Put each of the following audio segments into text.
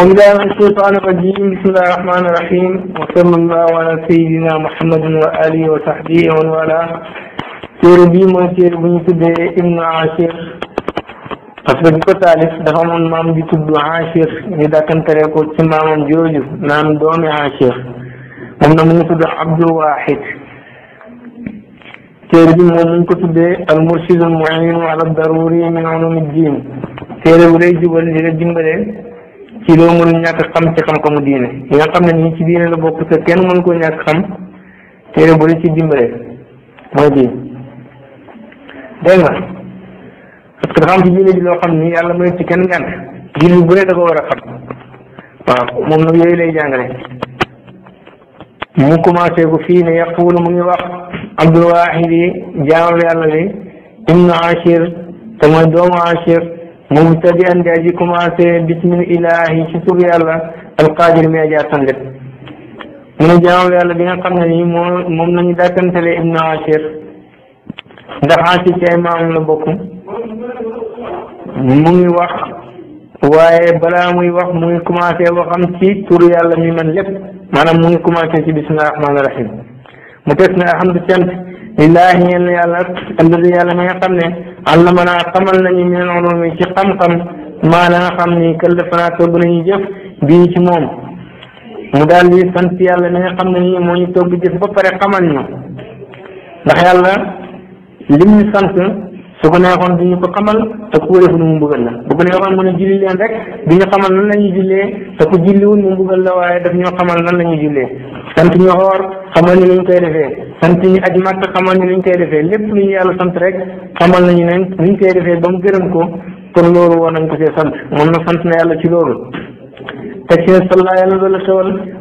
أعوذ بالله من الشيطان الرجيم بسم الله الرحمن الرحيم وصلى الله على سيدنا محمد وآله وصحبه وعلى تيربي مو تيربي سيدي إبن عاشر أصدقك تعليف دخم المام دي تب عاشر إذا كنت تريكو تمام جوجو نام دوم عاشر ومن من تد عبد واحد تيربي مو من كتب المرشد المعين وعلى الضروري من علوم الدين تيربي جبل جبل جبل ci loo mënul ñàkk xam ci xam-xamu diine yi nga ne nii ci diine la bokk te kenn mënu ko ñàkk xam téere bu la ci dimbalee mooy bii dégg nga parce que dafa ci diine ji loo xam ni yàlla may ci kenn ngànt jullit bu ne da ko war a xam waaw moom nag yooyu lay jàngale mu commencé ko fii ne yaqulu mu ngi wax abdul wahid yàlla li ibnu achir te mooy doomu achir mu mubtadian di aji commencé bismil ilahi ci tur yàlla alqaadir mi aji attan lépp mu ne jaamu yàlla bi nga xam ne nii moo moom la ñu dàkkantale ibnu Achir ndax Achir ci ay maam la bokk mu ngi wax waaye balaa muy wax mu ngi commencé waxam ci tur yàlla mi man lépp maanaam mu ngi commencé ci bismillahi rahmaani rahim mu tes ne alhamdu cant lillaahi ñeel na yàlla alladi yàlla mi nga xam ne allamanaa xamal nañu min al ulumi ci xam-xam maa la nga xam ni kallafanaa togg nañu jëf bii ci moom mu daal di sant yàlla mi nga xam ne nii moo ñu togg jëf ba pare xamal ñu ndax yàlla lim ñu sant su ko neexoon du ñu ko xamal te ku ko def nu mu mbugal la bu ko neexoon mu ne julli leen rek ñu xamal nan la ñuy jullee te ku julliwul la waaye daf ñoo xamal nan la ñuy jullee sant ñu xoor xamal ñu luñ koy defee sant ñu aj màkk xamal ñu koy defee lépp lu ñu yàlla sant rek xamal nañu ne luñ koy defee ba mu gërëm ko kon loolu war nañ ko see sant moom na sant na yàlla ci loolu تكي صلى الله عليه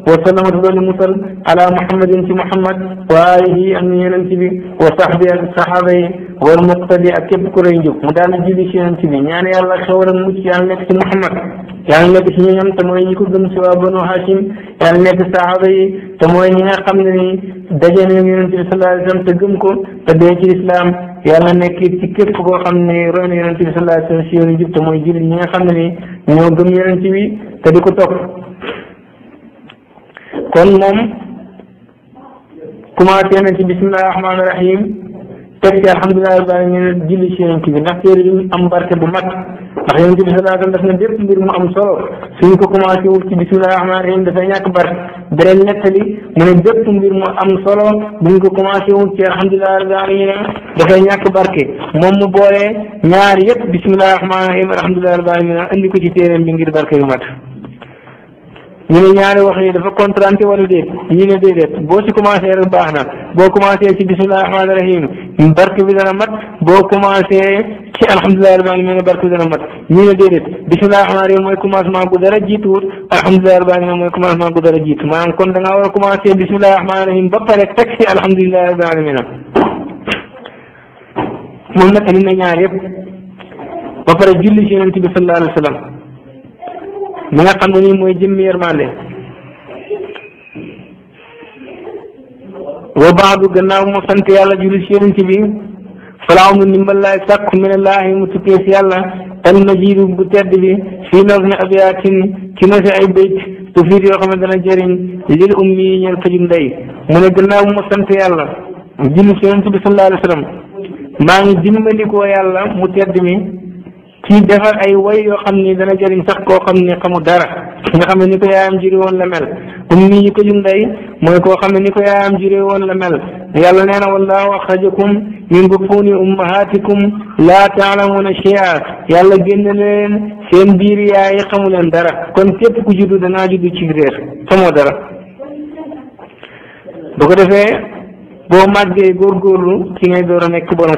وسلم تدول مسل على محمد انت محمد وآله أن ينتبه وصحبه الصحابي والمقتدي أكيب كرينجو مدال جيدي شي ينتبه يعني الله خور الموت يعني نكت محمد يعني نكت نيام تموي نكو دم سوا بنو هاشم يعني نكت صحابي تموي نيا قمني دجن ينتبه صلى الله عليه وسلم تقمكم تدعي الإسلام yàlla nekk ci képp koo xam ne roy na yonente bi sallallahu alayhi wa sallam si ñoo gëm yonent bi te di ko topp kon moom commencé na ci bisimilah rahim teg ci alhamdulilah rabbil alamin julli ci yonent bi ndax téere bi am barke bu mag ndax yonent bi sallallahu alayhi wa sallam def na bépp mbir mu am solo suñ ko commencé wut ci bismillahi rahmaani rahim dafay ñàkk barke beneen nettali mu ne bépp mbir mu am solo buñ ko commencé wut ci alhamdulilah rabbil alamin dafay ñàkk barke moom mu boole ñaar yëpp bismillahi rahmaani rahim alhamdulilah rabbil alamin andi ko ci téereem bi ngir barke yu mat ñu ne ñaari wax yi dafa contrante wala déet ñu ne déedéet boo ci commencé rek baax na boo commencé ci bisimilah rahmaani rahim barke bi dana mat boo commencé ci alhamdulilah rabbil alamin barke bi dana mat ñu ne déedéet bisimilah rahmaani rahim mooy commencement gu dara jiituwut alhamdulilah rabbil alamin mooy commencement gu dara jiitu maanaam kon da ngaa war a commencé bisimilah rahmaani rahim ba pare teg ci alhamdulilah rabbil alamin moom nag indi na ñaar ba pare julli ci yonent mi nga xam ne nii mooy jëmmi yërmande wa baadu gannaaw moo sant yàlla julli ci yonent bi salaamu ndimbal laay sàkku minallaahi mu tukkee si yàlla an majiidu bu tedd bi fii nazmi abiyaatin ci na si ay bayt tufiid yoo xam ne dana jëriñ lil ummi yi ñeel këju ndey mu ne gannaaw moo sant yàlla julli ci yonent bi sallallaahu alayhi wa sallam maa ngi dimbandikoo yàlla mu tedd mi ci defar ay way yoo xam ni dana jëriñ sax koo xam ni xamu dara nga xam ne ni ko yaayam jure woon la mel comme ni ñu ko junday mooy koo xam ne ni ko yaayam jure woon la mel yàlla nee na wallahu axrajakum min butuuni ummahatikum laa taalamuuna shay'a yàlla génne leen seen biir yaay xamu leen dara kon képp ku juddu danaa juddu ci réer xamoo dara bu ko defee boo màggee góorgóorlu ci ngay door a nekk borom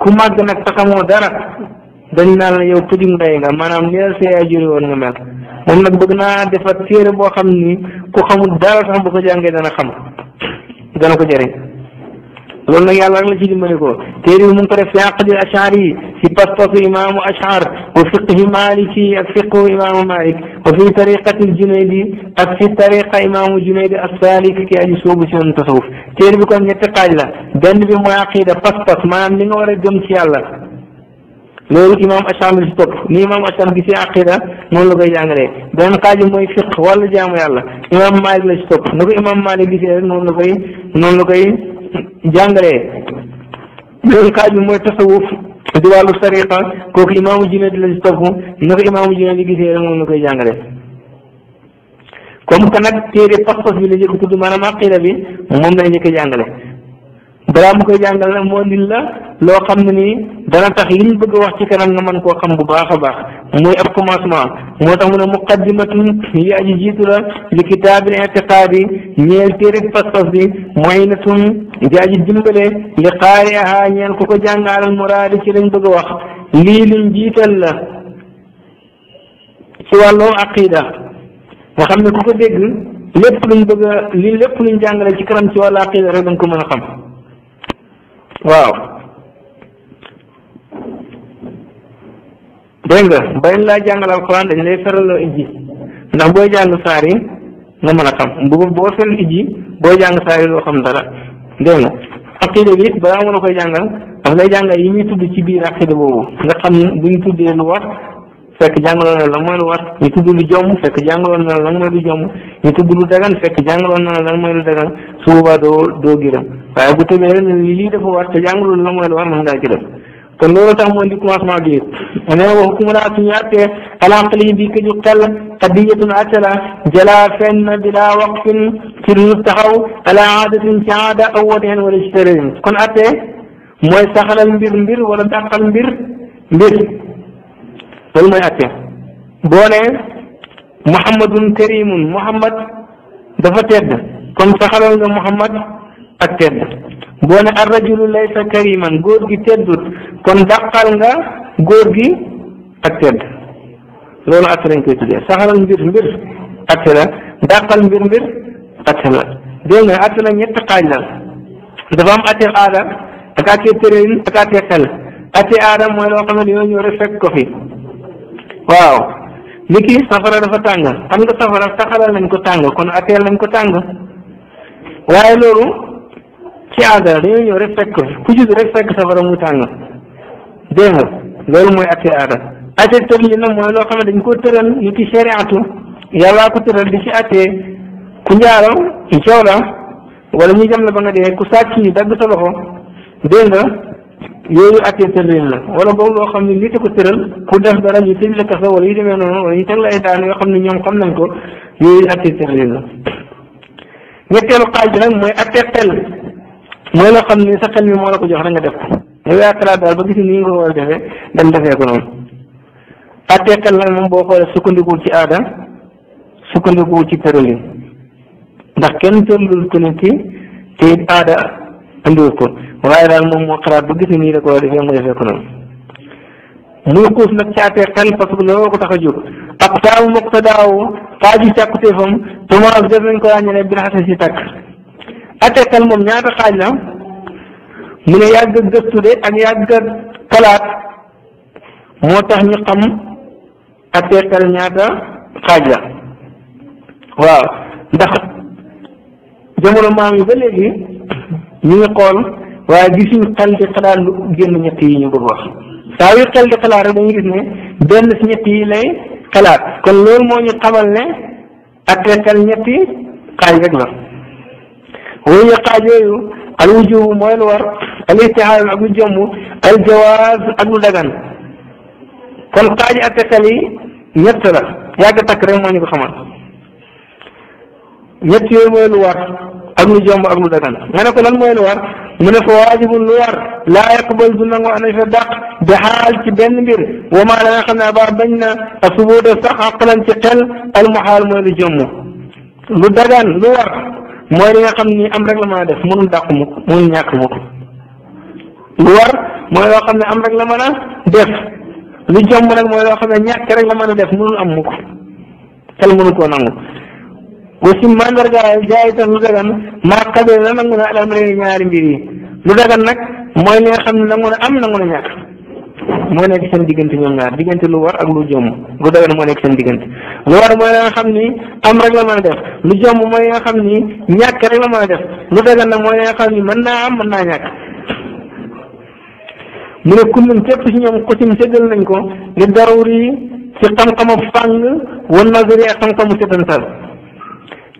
ku màgg nag taxamoo dara dañ naan la yow pudim ndey nga maanaam ni la sa yaay juri woon nga mel moom nag bëgg naa defar téere boo xam ni ku xamul dara sax bu ko jàngee dana xam dana ko jëriñ बोलने याद लगने चीज मेरे को तेरी उम्र करे फियाकद अशारी सिपस्त इमाम अशार वफिक मालिकी अफिक इमाम मालिक वफी तरीक़त जुनैदी अफी तरीक़ा इमाम जुनैद असालिक के अली सूब से तसवुफ तेरी भी कौन कहते कायला दन भी मुआकीद पस पस मान लेंगे और एकदम सियाला लोग इमाम अशार रिश्तक नहीं इमाम अशार किसी आखिर नौ लोग जांग रहे दन का जो मोई फिक वाल जाम याला इमाम मालिक रिश्तक नुक इमाम मालिक किसी नौ लोग नौ लोग jàngalee loolu xaaj bi mooy tasawuf di wàllu tariqa kooku imaamu Junayd la ci topp na ko imaamu Junayd di gisee rek moom la koy jàngale comme que nag téere pas-pas bi la njëkk tudd maanaam aqida bi moom la njëkk jàngale balaa mu koy jàngal nag moo indil la loo xam ne nii dana tax li mu bëgg a wax ci kanam nga mën koo xam bu baax a baax muy ab commencement moo tax mu ne muqaddimatun yi aji jiitu la li kitaabil itiqaadi ñeel téere pas-pas bi mooy na tun jaaji dimbale li qaariha ñeel ku ko jàngal al muraadi ci lañ bëgg a wax lii liñ jiital la ci wàllu aqida nga xam ne ku ko dégg lépp luñ bëgg a lii lépp luñ jàngale ci kanam ci wàllu aqida rek dañ ko mën a xam waaw dégg nga bañ laa jàngal alquran dañ lay feraloo ijji ndax booy jàng saar yi nga mën a xam bu boo feral ijji booy jàng saar yi dara dégg nga aqida bi balaa a koy jàngal daf lay jàngal yi ñuy tudd ci biir aqida boobu nga xam ne bu ñu tuddee lu war fekk jàngaloon na lan mooy lu war ñu tudd lu jomm fekk jàngaloon na lan mooy lu jomm ñu tudd lu dagan fekk jàngaloon na lan mooy lu dagan su boobaa doo doo gërëm waaye bu tëbee rek lii dafa war te jàngalul lan mooy lu war mën ngaa gërëm kon loolu tax mooy di commencement bi ane wa hukumulaatu ñu àttee alaqli bi ka ju xel qadiyatun atala jala fenn bila waqfin ci lu taxaw ala aadatin ci aada aw wateen wala ci tërëyin kon àttee mooy saxalal mbir mbir wala dàqal mbir mbir loolu mooy àttee boo ne muhammadun karimun muhammad dafa tedd kon saxalal nga muhammad ak tedd boo ne arrajulu laysa kariman góor gi teddut kon dàqal nga góor gi ak tedd loolu atte lañ koy tuddee saxalal mbir mbir atte la dàqal mbir mbir atte la dégg nga atte la ñett xaaj la dafa am atte aada ak atte tëréel ak atte xel atte aada mooy loo xam ne dañoo ñëw rek fekk ko fi waaw ni ki safara dafa tàng xam nga safara saxalal nañ ko tàng kon atteel nañ ko tàng waaye loolu ci aada la dañoo ñëw rek fekk ko ku judd rek fekk safara mu tàng dégg nga loolu mooy atte aada atte tëral na nag mooy loo xam ne dañ koo tëral ñu ci shariatu yàllaa ko teral di ci atte ku njaalo coow la wala ñu jam la ba nga dee ku sàcc yi dagg sa loxo dégg nga yooyu atte tëral wala boobu loo xam ne nit ko tëral ku def dara ñu tëj la wala yu demee noonu wala ñu teg ay daan yoo xam ne ñoom xam nañ ko yooyu atte tëral la ñetteelu xaaj bi nag mooy atte xel mooy loo xam ne sa xel moo la ko jox rek nga def yow yaa xalaat daal ba gis ni nga ko war a defee dem defee ko noonu àttee xel nag moom boo xoolee sukkandikuwul ci aada sukkandikuwul ci tëralin ndax kenn tëralul ko ne ci te aada andiwul ko waaye daal moom moo xalaat ba gis nii la ko war a defee mu defee ko noonu muy xuus nag ci àttee xel parce que looloo ko tax a jóg ak taawu muqtadaawu xaaju càkkuteefam semence def nañ ko ràññee ne bi nga xasee si tàkk àttee xel moom ñaata xaaj la. mu ne yàgg a gëstu de ak yàgg a xalaat moo tax ñu xam ak teqal ñaata xaaj la waaw ndax jamono maam yi ba léegi ñu ngi xool waaye gisuñu xel di xalaat lu génn ñett yi ñu bëgg wax saa yu di xalaat rek dañuy gis ne benn si ñett yi lay xalaat kon loolu moo xamal ne ak teqal ñetti xaaj rek la wala xaaj al wujubu mooy lu war al istihaab ak lu jëmm al jawaaz ak lu dagan kon xaaji attakal yi ñett la yàgg takk rek moo ñu ko xamal ñett yooyu mooy lu war ak lu jëmm ak lu dagan nga ne ko lan mooy lu war mu ne fa waajibun lu war laa yaqbal du nangu an fa dàq bi xaal ci benn mbir wa maa la nga xam ne abaa bañ na asubuuda sax aqlan ci xel al muxaal mooy lu jëmm lu dagan lu war mooy li nga xam ni am règlement def mënul dàq mukk mënul ñàkk mukk lu war mooy loo xam ne am rek la mën a def lu jomb nag mooy loo xam ne ñàkk rek la mën a def mënul am mukk xel mënu koo nangu aussi mandargaal jaay tax lu dagan maa xadee la nangu na alam ñaari mbir yi lu dagan nag mooy li nga xam ne nangu na am nangu na ñàkk moo nekk seen diggante ñoom ñaar diggante lu war ak lu jom lu dagan moo nekk seen diggante lu war mooy la nga xam ni am rek la mën a def lu jom mooy nga xam ni ñàkk rek la mën a def lu dagan nag mooy la nga xam ni mën naa am mën naa ñàkk mu ne kullum képp ci ñoom xusim séddal nañ ko li daruri ci xam-xamu fàng wan nazari ak xam-xamu séddantal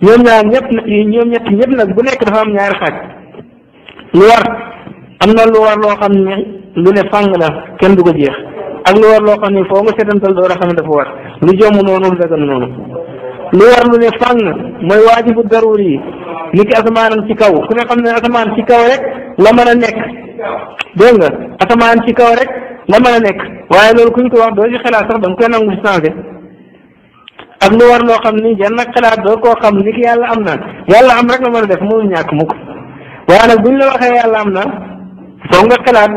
ñoom ñaar ñëpp ñoom ñett ñëpp nag bu nekk dafa am ñaari xaaj lu war am na lu loo xam ne lu ne fàng la kenn du ko ak lu war loo xam ne foo nga seetantal door xam ne dafa war lu jomb noonu lu dagan noonu lu war lu ne fàng mooy waajibu daruur yi ci kaw ku ne xam ne ci kaw rek la mën a nekk dégg nga asamaan ci kaw rek la mën a nekk waaye loolu ku ko wax doo ci xalaat sax da nga koy nangu ci changé ak lu war loo xam ni jenn xalaat doo koo xam ni ki yàlla am na yàlla am rek la mën a def mënul ñàkk mukk waaye nag buñ la waxee yàlla am na foog nga xalaat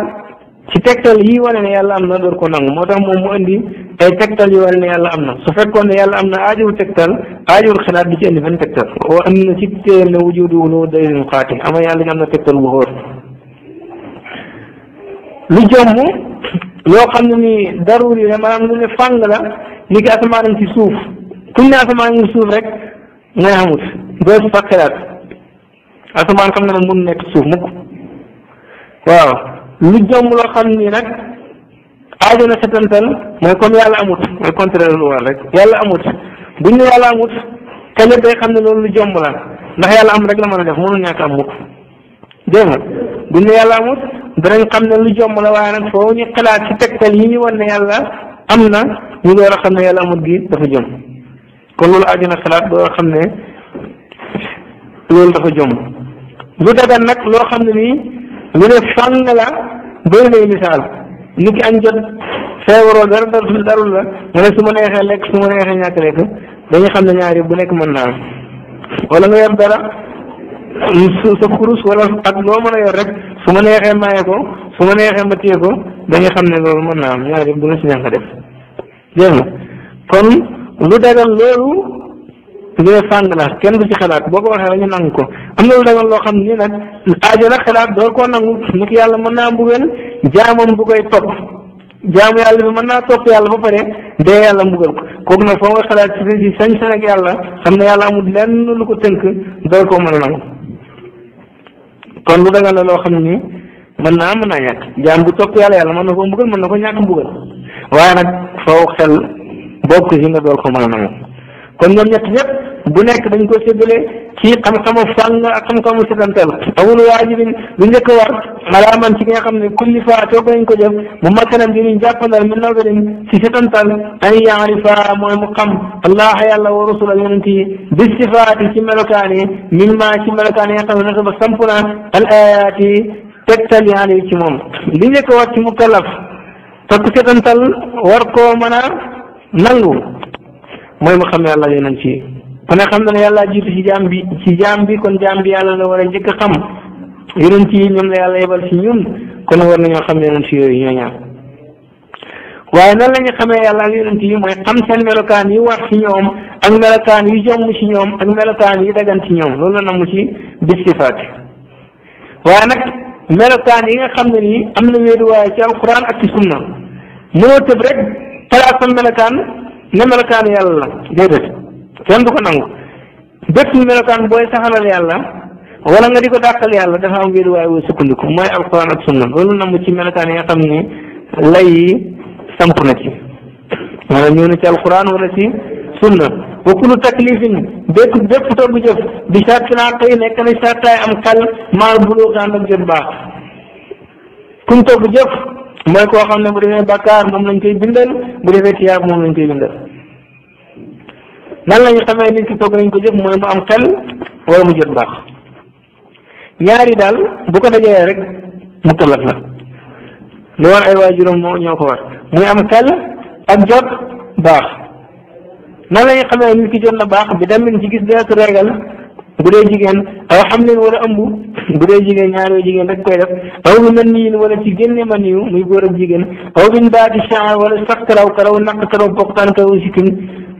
ci tegtal yi wane ne yàlla am na door ko nangu moo tax moom mu indi ay tegtal yi wane ne yàlla am na su fekkoon ne yàlla am na aajowul tegtal aajowul xalaat di ci indi benn tegtal wa am na ci téeram ne wujudu loo dalilin xaati ama yàlla ñu am na tegtal bu xóor lu jomm loo xam ne ni daruri la maanaam lu ne fàng la ni ki asamaanam ci suuf kuñ ne asamaanam ci suuf rek ngay xamut doo ci fa xalaat asamaan xam ne mun nekk suuf mukk waaw lu jomb loo xam ni nag aajo na setantal mooy comme yàlla amut mooy contraire lu war rek yàlla amut bu ñu yàlla amut kenn day xam ne loolu lu jomb la ndax yàlla am rek la mën a def mënul ñàkk am mukk dégg nga bu ñu yàlla amut danañ xam ne lu jomb la waaye nag foo ñu xalaat ci tegtal yi ñu wan ne yàlla am na ñu door a xam ne yàlla amut gi dafa jomb kon loolu aajo na xalaat boo xam ne loolu dafa jomb lu dagan nag loo xam ne nii lu ne fànn la bëri nay misaal ni ki añ jot feebaroo dara dara darul la mu ne su ma neexee lekk su ma neexee ñàkk lekk dañu xam ne ñaari bu nekk mën naa am wala nga yor dara sa kurus wala ak loo mën a yor rek su ma neexee maye ko su ma neexee ma téye ko dañu xam ne loolu mën naa am ñaari bu ne si ñàkk def dégg nga kon lu dagal loolu ñu ne sàng la kenn du ci xalaat boo ko waxee rek ñu nangu ko na lu dagan loo xam ni nag aajo la xalaat doo koo nangu nag yàlla mën naa mbugal jaamam bu koy topp jaamu yàlla bi mën naa topp ba pare dee yàlla mbugal ko kooku nag foo nga xalaat ci si sañ sañ ak yàlla xam ne yàlla amul lenn lu ko tënk doo koo mën a nangu kon lu dagan la loo xam ni mën naa mën naa ñàkk jaam bu topp yàlla yàlla mën na koo mbugal mën na ko ñàkk mbugal waaye nag faw xel bokk ci nga door ko mën a nangu kon ñoom ñett ñëpp bu nekk dañ ko séddale ci xam-xamu fàng ak xam-xamu setantal awul waajibin lu njëkk war alaa man ci ki nga xam ne kulli fa toog nañ ko def mu makkanam dinañ jàppandal min nazarin ci setantal an yaarifa mooy mu xam allah yàlla wa rasul ak yonent yi bi sifaati ci melokaan yi min ma ci melokaan yi nga xam ne nasa ba samp na al ayaat yi tegtal ci moom li njëkk war ci mukallaf parce que setantal war ko mën a nangu mooy mu xam yàlla yonent yi ku ne xam na ne yàlla jiitu ci jaam bi ci jaam bi kon jaam bi yàlla la war a njëkk a xam yonent yi ñoom la yàlla yebal ci ñun kon war nañoo xam yonent yooyu ñoo ñaar waaye nan la ñu xamee yàlla ak yonent yi mooy xam seen melokaan yi war ci ñoom ak melokaan yi jomm ci ñoom ak melokaan yi dagan ci ñoom loolu la namm ci bistifaat waaye nag melokaan yi nga xam ne nii am na wéeruwaay ci alquran ak ci sunna mënoo tëb rek talaa sa melokaan ne melokaan yàlla la déedéet kenn du ko nangu bépp melokaan booy saxalal yàlla wala nga di ko dàqal yàlla dafa am wéeruwaay woo sukkandiku mooy alquran ak sunna loolu namm ci melokaan yi nga xam ne lay yi samp na ci maanaam ñëw na ci alquran wala ci sunna wa kullu taklifin bépp bépp togg jëf bi sartinaa tey nekk na sartaay am xel maal buloo ànd ak jot baax kum togg jëf mooy koo xam ne bu defee bakkaar moom lañ koy bindal bu defee tiyaab moom lañ koy bindal nan la ñu xamee nit ki toog nañ ko jëf mooy mu am xel wala mu jot baax ñaari daal bu ko dajalee rek mu tollat la lu war ay waajuram moo ñoo ko war muy am xel ak jot baax nan la ñu xamee nit ki jot na baax bi dem ci gis dee su regal bu dee jigéen aw xam leen wala ëmb bu dee jigéen ñaaroo jigéen rek koy def aw bi man niin wala ci génne man niyu muy góor ak jigéen aw bin baati chan wala sax karaw karaw naq karaw poktaan karaw sikkin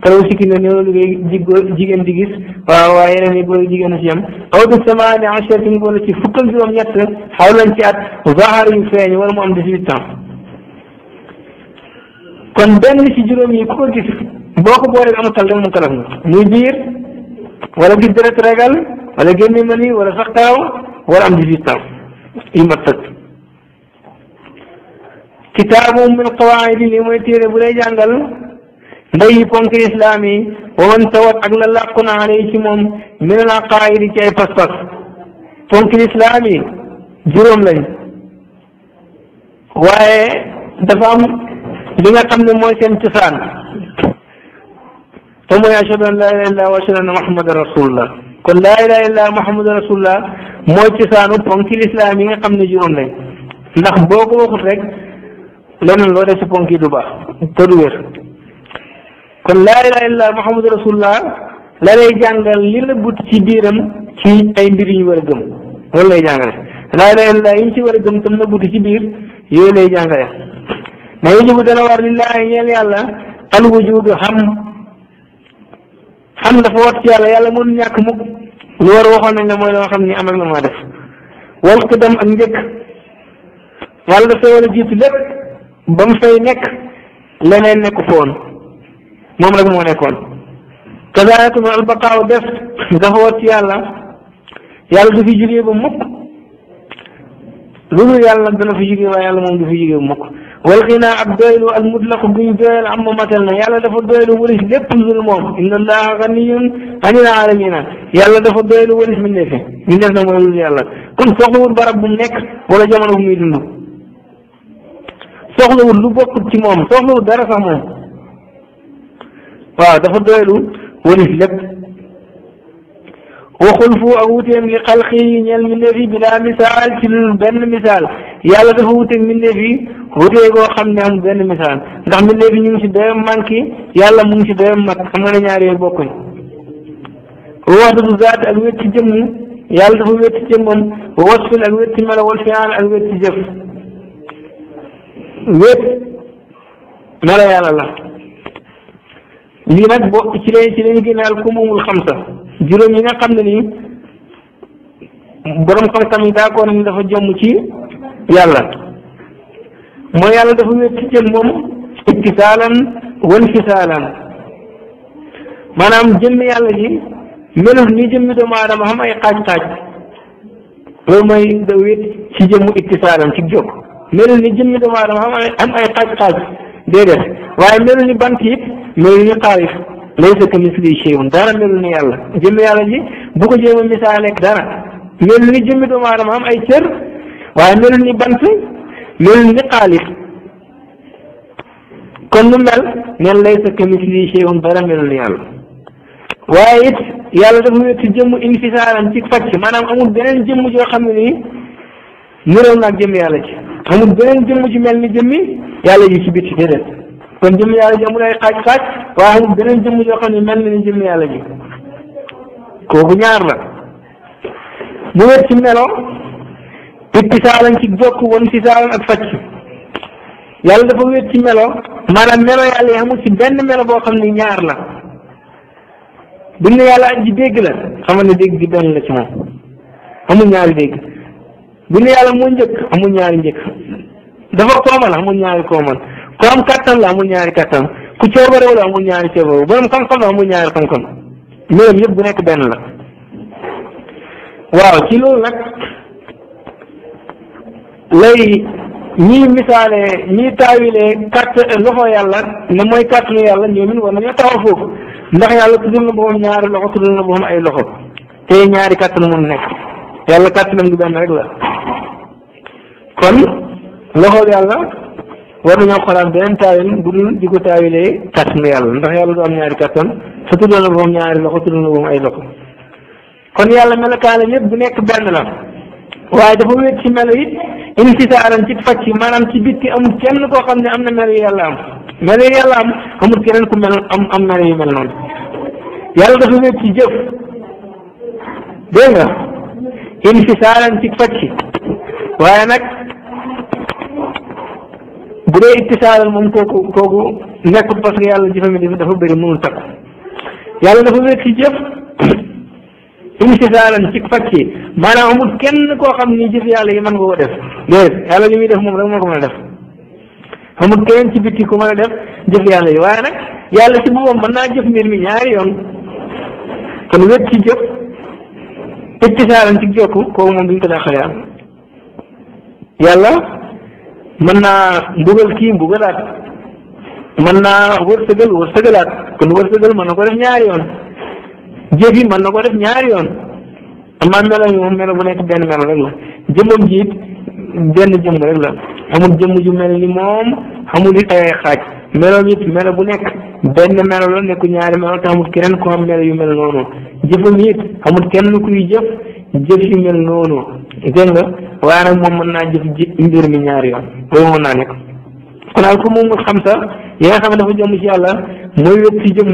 karaw sikkin ne loolu ngay jigóo jigéen di gis waaw waaye yeneen yi góor ji jigéen a si yam aw bi samaani acharatin wala ci fukk ak juróom ñett xawlan ci at zahar yu feeñ wala mu am dix-huit ans kon benn ci juróom yi ku ko gis boo ko boolee amutal rek wala gis deret regal wala génne mani wala sax taaw wala am dix-huit ans yu mat min qawaayidi li mooy téere bu lay jàngal ndeyi ponk islaam yi wa man tawat ak la làqu na min al aqaayidi ci pas-pas ponk islaam yi juróom lañ waaye dafa am li nga xam ne mooy seen moom mooy ashhadu an laa ilaaha illallaah wa ashhadu anna muhammadan rasulullaah kon laa ilaaha illallaah muhammadan rasulullaah mooy cosaanu ponk ci lislaam yi nga xam ne juróom lañ ndax boo ko waxut rek leneen loo def si ponk yi du baax te du wér kon laa ilaaha illallaah muhammadan rasulullaah la lay jàngal li la but ci biiram ci ay mbir yu ñu war a gëm loolu lay jàngale laa ilaaha illallaah yi ñu ci war a gëm tam la but ci biir yooyu ay jàngale mais yajibu dana wujudu xam xam dafa wat ci yàlla yàlla mënu ñàkk mukk lu war waxoon nañ ne mooy loo xam ni am ak na maa def wal ko dem ak njëkk yàlla dafa ba mu fay nekk leneen nekk foon moom rek moo nekkoon kazaalika mu albaqaaw def dafa wat ci yàlla yàlla du fi jógee ba mukk lu dul yàlla nag dana fi jógee waaye والغنى عبدالله المدلق بيزال عمو مثلنا يلا دفو دويلو وليس لب ظلمون إن الله غني عن العالمين يلا دفو دويلو وليس من نفسه من نفسه ما يوزي الله كن صغور برب منك ولا جمال أمي لنا صغلو لبوك تيمام صغلو درس أمام آه، فا وليس لب waxul fu ak wuteem gi xalqi yi ñeel mbindeef yi bilaa misaal ci lu benn misaal yàlla dafa wuteeg mbindeef yi wutee goo xam ne am benn misaal ndax mbindeef yi ñu ngi ci doyam manqué yàlla mu ngi ci doyam mat xam nga ne ñaar yooyu bokkuñ waxdatu zaat ak wet ci jëmm yàlla dafa wet ci jëmmam wasfil ak wet ci melo wal fi'aal ak wet ci jëf wet melo yàlla la lii nag bo ci lañ ci lañ gënaal ku juróom yi nga xam na nii boroom xam-xam yi d'accord ni dafa jëmm ci yàlla mooy yàlla dafa wékkital moom ittisaalan wan fisaalan maanaam jëmm yàlla ji melut ni jëmmi doomu aadama xam ay xaaj-xaaj loolu mooy da wét ci jëmmu ittisaalan ci jóg melut ni jëmmi doomu aadama xam ay xam ay xaaj-xaaj déedéet waaye melut ni bant it melut ni xaarif laysa kamislihi shay'un dara melul ni yàlla jëmm yàlla ji bu ko jéem a misaaleeg dara melul ni jëmmi doomu aadama am ay cër waaye melul ni bant melul ni xaalis kon nu mel neen laysa kamislihi shay'un dara melul ni yàlla waaye it yàlla dafa wér ci jëmm infisaalan ci facc maanaam amul beneen jëmm joo xam ne nii niroon naag jëmm yàlla ji amul beneen ji mel ni jëmmi yàlla ci bitti déedéet kon jëmm yàlla ji amul ay xaaj xaaj waaye amul beneen jëmm yoo mel ni jëmm yàlla ji kooku ñaar la mu wér ci melo ittisaalan ci jokk wan tisaalan ak facc yàlla dafa wér ci melo maanaam melo yàlla yi amul ci benn melo boo xam ne ñaar la buñ ne yàlla aji dégg la xamal ne dégg gi ñaari dégg buñ ne yàlla moo ñaari njëkk dafa koomal amul ñaari koomal ku am kattan la amul ñaari kattan ku coobarewu la amul ñaari coobarewu borom xam-xam la amul ñaari xam-xam mbiram yëpp bu nekk benn la waaw ci loolu nag lay ñii misaalee ñii taawilee kàtt loxo yàlla ne mooy kàttanu yàlla ñoom it war nañoo taxaw foofu ndax yàlla tuddul na boppam ñaari loxo tuddul na boppam ay loxo te ñaari kàttanu mun nekk yàlla kàttanam du benn rek la kon loxo yàlla war nañoo xoolaat beneen taawil bu dul di ko taawilee kàttanu yàlla ndax yàlla du am ñaari kàttan sa tuddoon na boom ñaari loxo tuddoon na boom ay loxo kon yàlla melokaanam yëpp bu nekk benn la waaye dafa wéet ci melo yi insitaaran ci facc maanaam ci bitti amul kenn koo xam ne am na melo yi yàlla am melo yi yàlla am amul keneen ku mel am am melo yu mel noonu yàlla dafa wéet ci jëf dégg nga insitaaran ci facc waaye bu dee moom kooku kooku nekkul parce que yàlla jëfam yi dafa bëri mënul takku yàlla dafa wéet ci jëf imtisaalan ci fakki maanaam amul kenn koo xam ni jëf yàlla yi mën nga ko def déedéet yàlla li muy def moom rek moo ko mën a def amul kenn ci bitti ku mën a def jëf yàlla yi waaye nag yàlla ci boppam mën naa jëf mbir mi ñaari yoon kon wéet ci jëf ittisaalan ci jokku kooku moom duñ ko dàqal yàlla yàlla mën naa mbugal kii mbugalaat mën naa wërsëgal wërsëgalaat kon wërsëgal mën na ko def ñaari yoon jëf yi mën na ko def ñaari yoon amaa melo yi moom melo bu nekk benn melo rek la jëmmam ji it benn jëmm rek la amul jëmm ju mel ni moom amul it ay xaaj melo it melo bu nekk benn melo la nekku ñaari melo te amul keneen ku am melo yu mel noonu jëfam it amul kenn kuy jëf jëf yu mel noonu dégg nga waaye nag moom mën naa jëf ji mbir mi ñaari yoon loolu mën naa nekk kon al ko moom mu xam sa yi nga xam ne dafa jëm ci yàlla mooy wét ci jëmm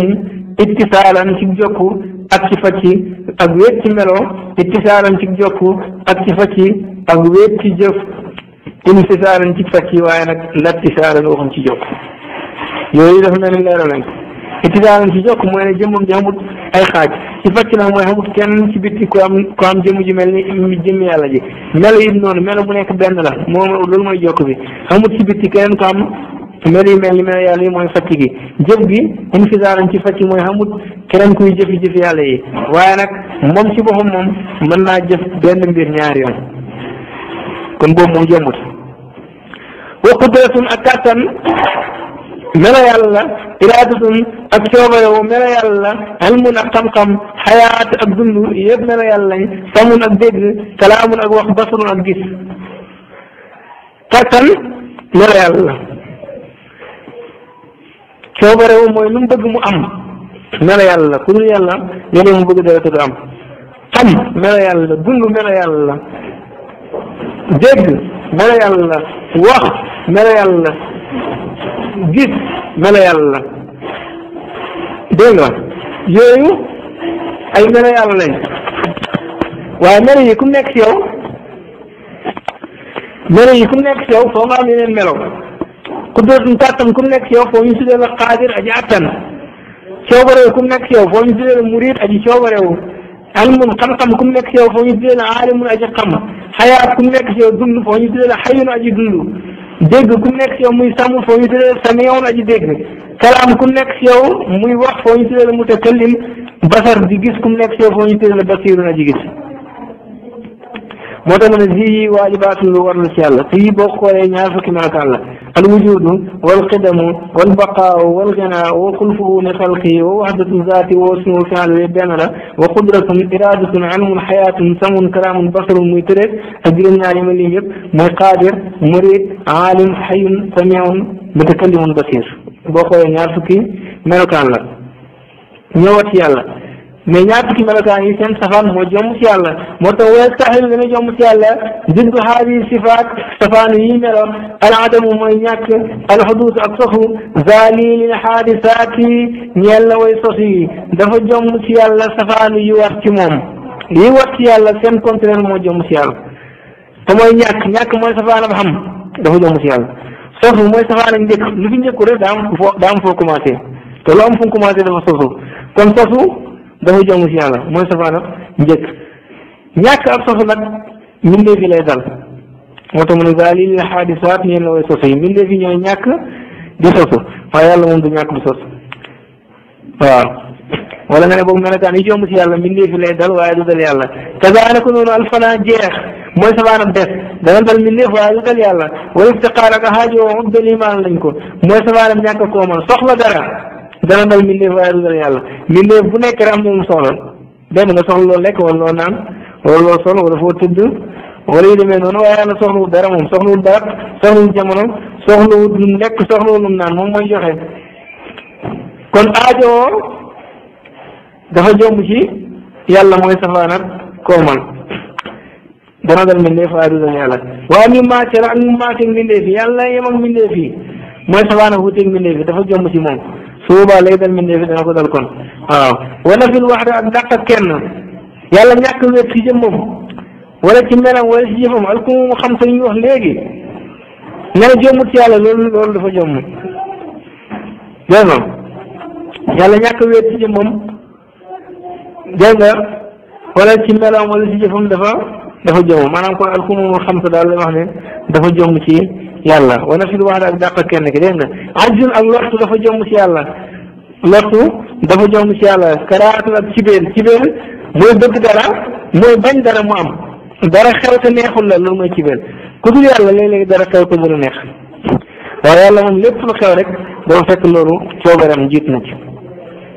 ittisaalan ci jokku ak ci facci ak wéet ci melo ittisaalan ci jokku ak ci facci ak wéet ci jëf imtisaalan ci facci waaye nag lattisaalan waxuñ ci jokku yooyu dafa mel ni leeral nañ ko itidaalan ci jokk mooy ne jëmmam ji xamut ay xaaj ci fàcc nag mooy xamut kenn ci bitti ku am ku am jëmm ji mel ni jëmm yàlla ji melo yi noonu melo bu nekk benn la moom loolu mooy jokk bi xamut ci bitti keneen ku am melo yi mel ni melo yàlla yi mooy fàcc gi jëf gi infisaalan ci fàcc mooy xamut keneen kuy jëfi jëf yàlla yi waaye nag moom si boppam moom mën naa jëf benn mbir ñaari yoon kon boobu moom jëmmut wa qudratun ak kàttan melo yàlla iraadatun ak coobarewu melo yàlla almun ak xam-xam xayaat ak dund yëpp melo yàlla samun ak dégg kalaamun ak wax basarun ak gis kattan melo yàlla coobarewu mooy lu mu bëgg mu am melo yàlla ku dul yàlla nga ne am xam melo yàlla dund melo yàlla dégg melo جيت ملا يالا دينغا يويو اي ملا يالا لين وملا يكون نكس يو ملا يكون نكس يو فوما من الملو قدرت نتاتم كن نكس يو فوما يسود الله قادر اجاتن شوبره يكون نكس يو فوما يسود الله مريد اجي شوبره علم قنقم كم نكس يو فوما يسود الله عالم اجي قم حياة كم نكس يو دن فوما يسود الله حي اجي دنو dégg ku nekk si yow muy sàmm foo ñu tuddee samiyoon aji dégg kalaam ku nekk si yow muy wax foo ñu tuddee mutakallim basar di gis ku nekk si yow foo ñu tuddee basiirun aji gis مودلنا هي واجبات الورث يلا في بقول ينافك ملك الله الوجود والقدم والبقاء والغنى وخلفون خلقي ووحدة ذاتي واسم وفعل ويبين له وقدرة إرادة علم حياة سم كرام بصر ميترك أجل النار مليب مقادر مريد عالم حي سميع متكلم بصير بقول ينافك ملك الله نوات يلا mais ñaar fukki melokaan yi seen safaan moo jomb ci yàlla moo tax weestaxil dana jomb ci yàlla dindu haadi sifaat safaan yi melo al adamu mooy ñàkk al xuduus ak soxu zaali lil xaadisaati ñeel la way sos yi dafa jomb ci yàlla safaan yi war ci moom yi war ci yàlla seen contraire moo jomb ci yàlla te mooy ñàkk ñàkk mooy safaan ab xam dafa jomb ci yàlla sosu mooy safaan ak njëkk lu fi njëkku rek daa am foo daa am foo commencé te lu am fu mu commencé dafa sosu kon sosu dafa jong si yàlla mooy safaana njëkk ñàkk ab sosu nag mbindeef yi lay dal moo tax mu ne gaa lii xaadisaat ñeen la way sosu yi mbindeef yi ñooy ñàkk di sosu waaye yàlla moom du ñàkk du sosu waaw wala nga ne boobu melokaan yi jomb si yàlla mbindeef yi lay dal waaye du dal yàlla kazaalika noonu alfanaa jeex mooy safaanam des dana dal mbindeef waaye du dal yàlla wala iftixaar ak xaajoo moom benn imaan lañ mooy safaanam ñàkk koo mën soxla dara dana dal mbindeef waaye du dal yàlla mbindeef bu nekk rek am na mu soxla benn nga soxla loo lekk wala loo naan wala loo sol wala foo tëdd wala yu demee noonu waaye yàlla soxlawul dara moom soxlawul barab soxlawul jamono soxlawul lu lekk soxlawul lu naan moom mooy joxe kon aajo dafa jomb ci yàlla mooy safaan ak koomal dana dal mbindeef waaye du dal yàlla waaye ñu màcce la ak ñu màcce mbindeef yi yàlla yem ak mbindeef yi mooy safaan ak wuuteeg mbindeef yi dafa jomb ci moom su boobaa lay dal mel ne ko dal kon waaw wala fil waxda ak dàq ak kenn yàlla ñàkk wéet ci jëmmam wala ci melam wala ci mu xam te ñu wax léegi ne la jommut ci yàlla loolu loolu dafa jomm dégg nga yàlla ñàkk wéet ci jëmmam dégg nga wala ci melam wala ci jëfam dafa dafa jëmm maanaam kon alxumumul xamsa daal lañ wax ne dafa jëmm ci yàlla wala fi wax daal dàq kenn ki dégg nga ajjun ak lottu dafa jëmm ci yàlla lottu dafa jëmm ci yàlla karaatul ak cibeel cibeel mooy bëgg dara mooy bañ dara mu am dara xew te neexul la loolu mooy cibeel ku dul yàlla léeg-léeg dara xew te dara neex waaye yàlla moom lépp lu xew rek dafa fekk loolu coobaram jiit na ci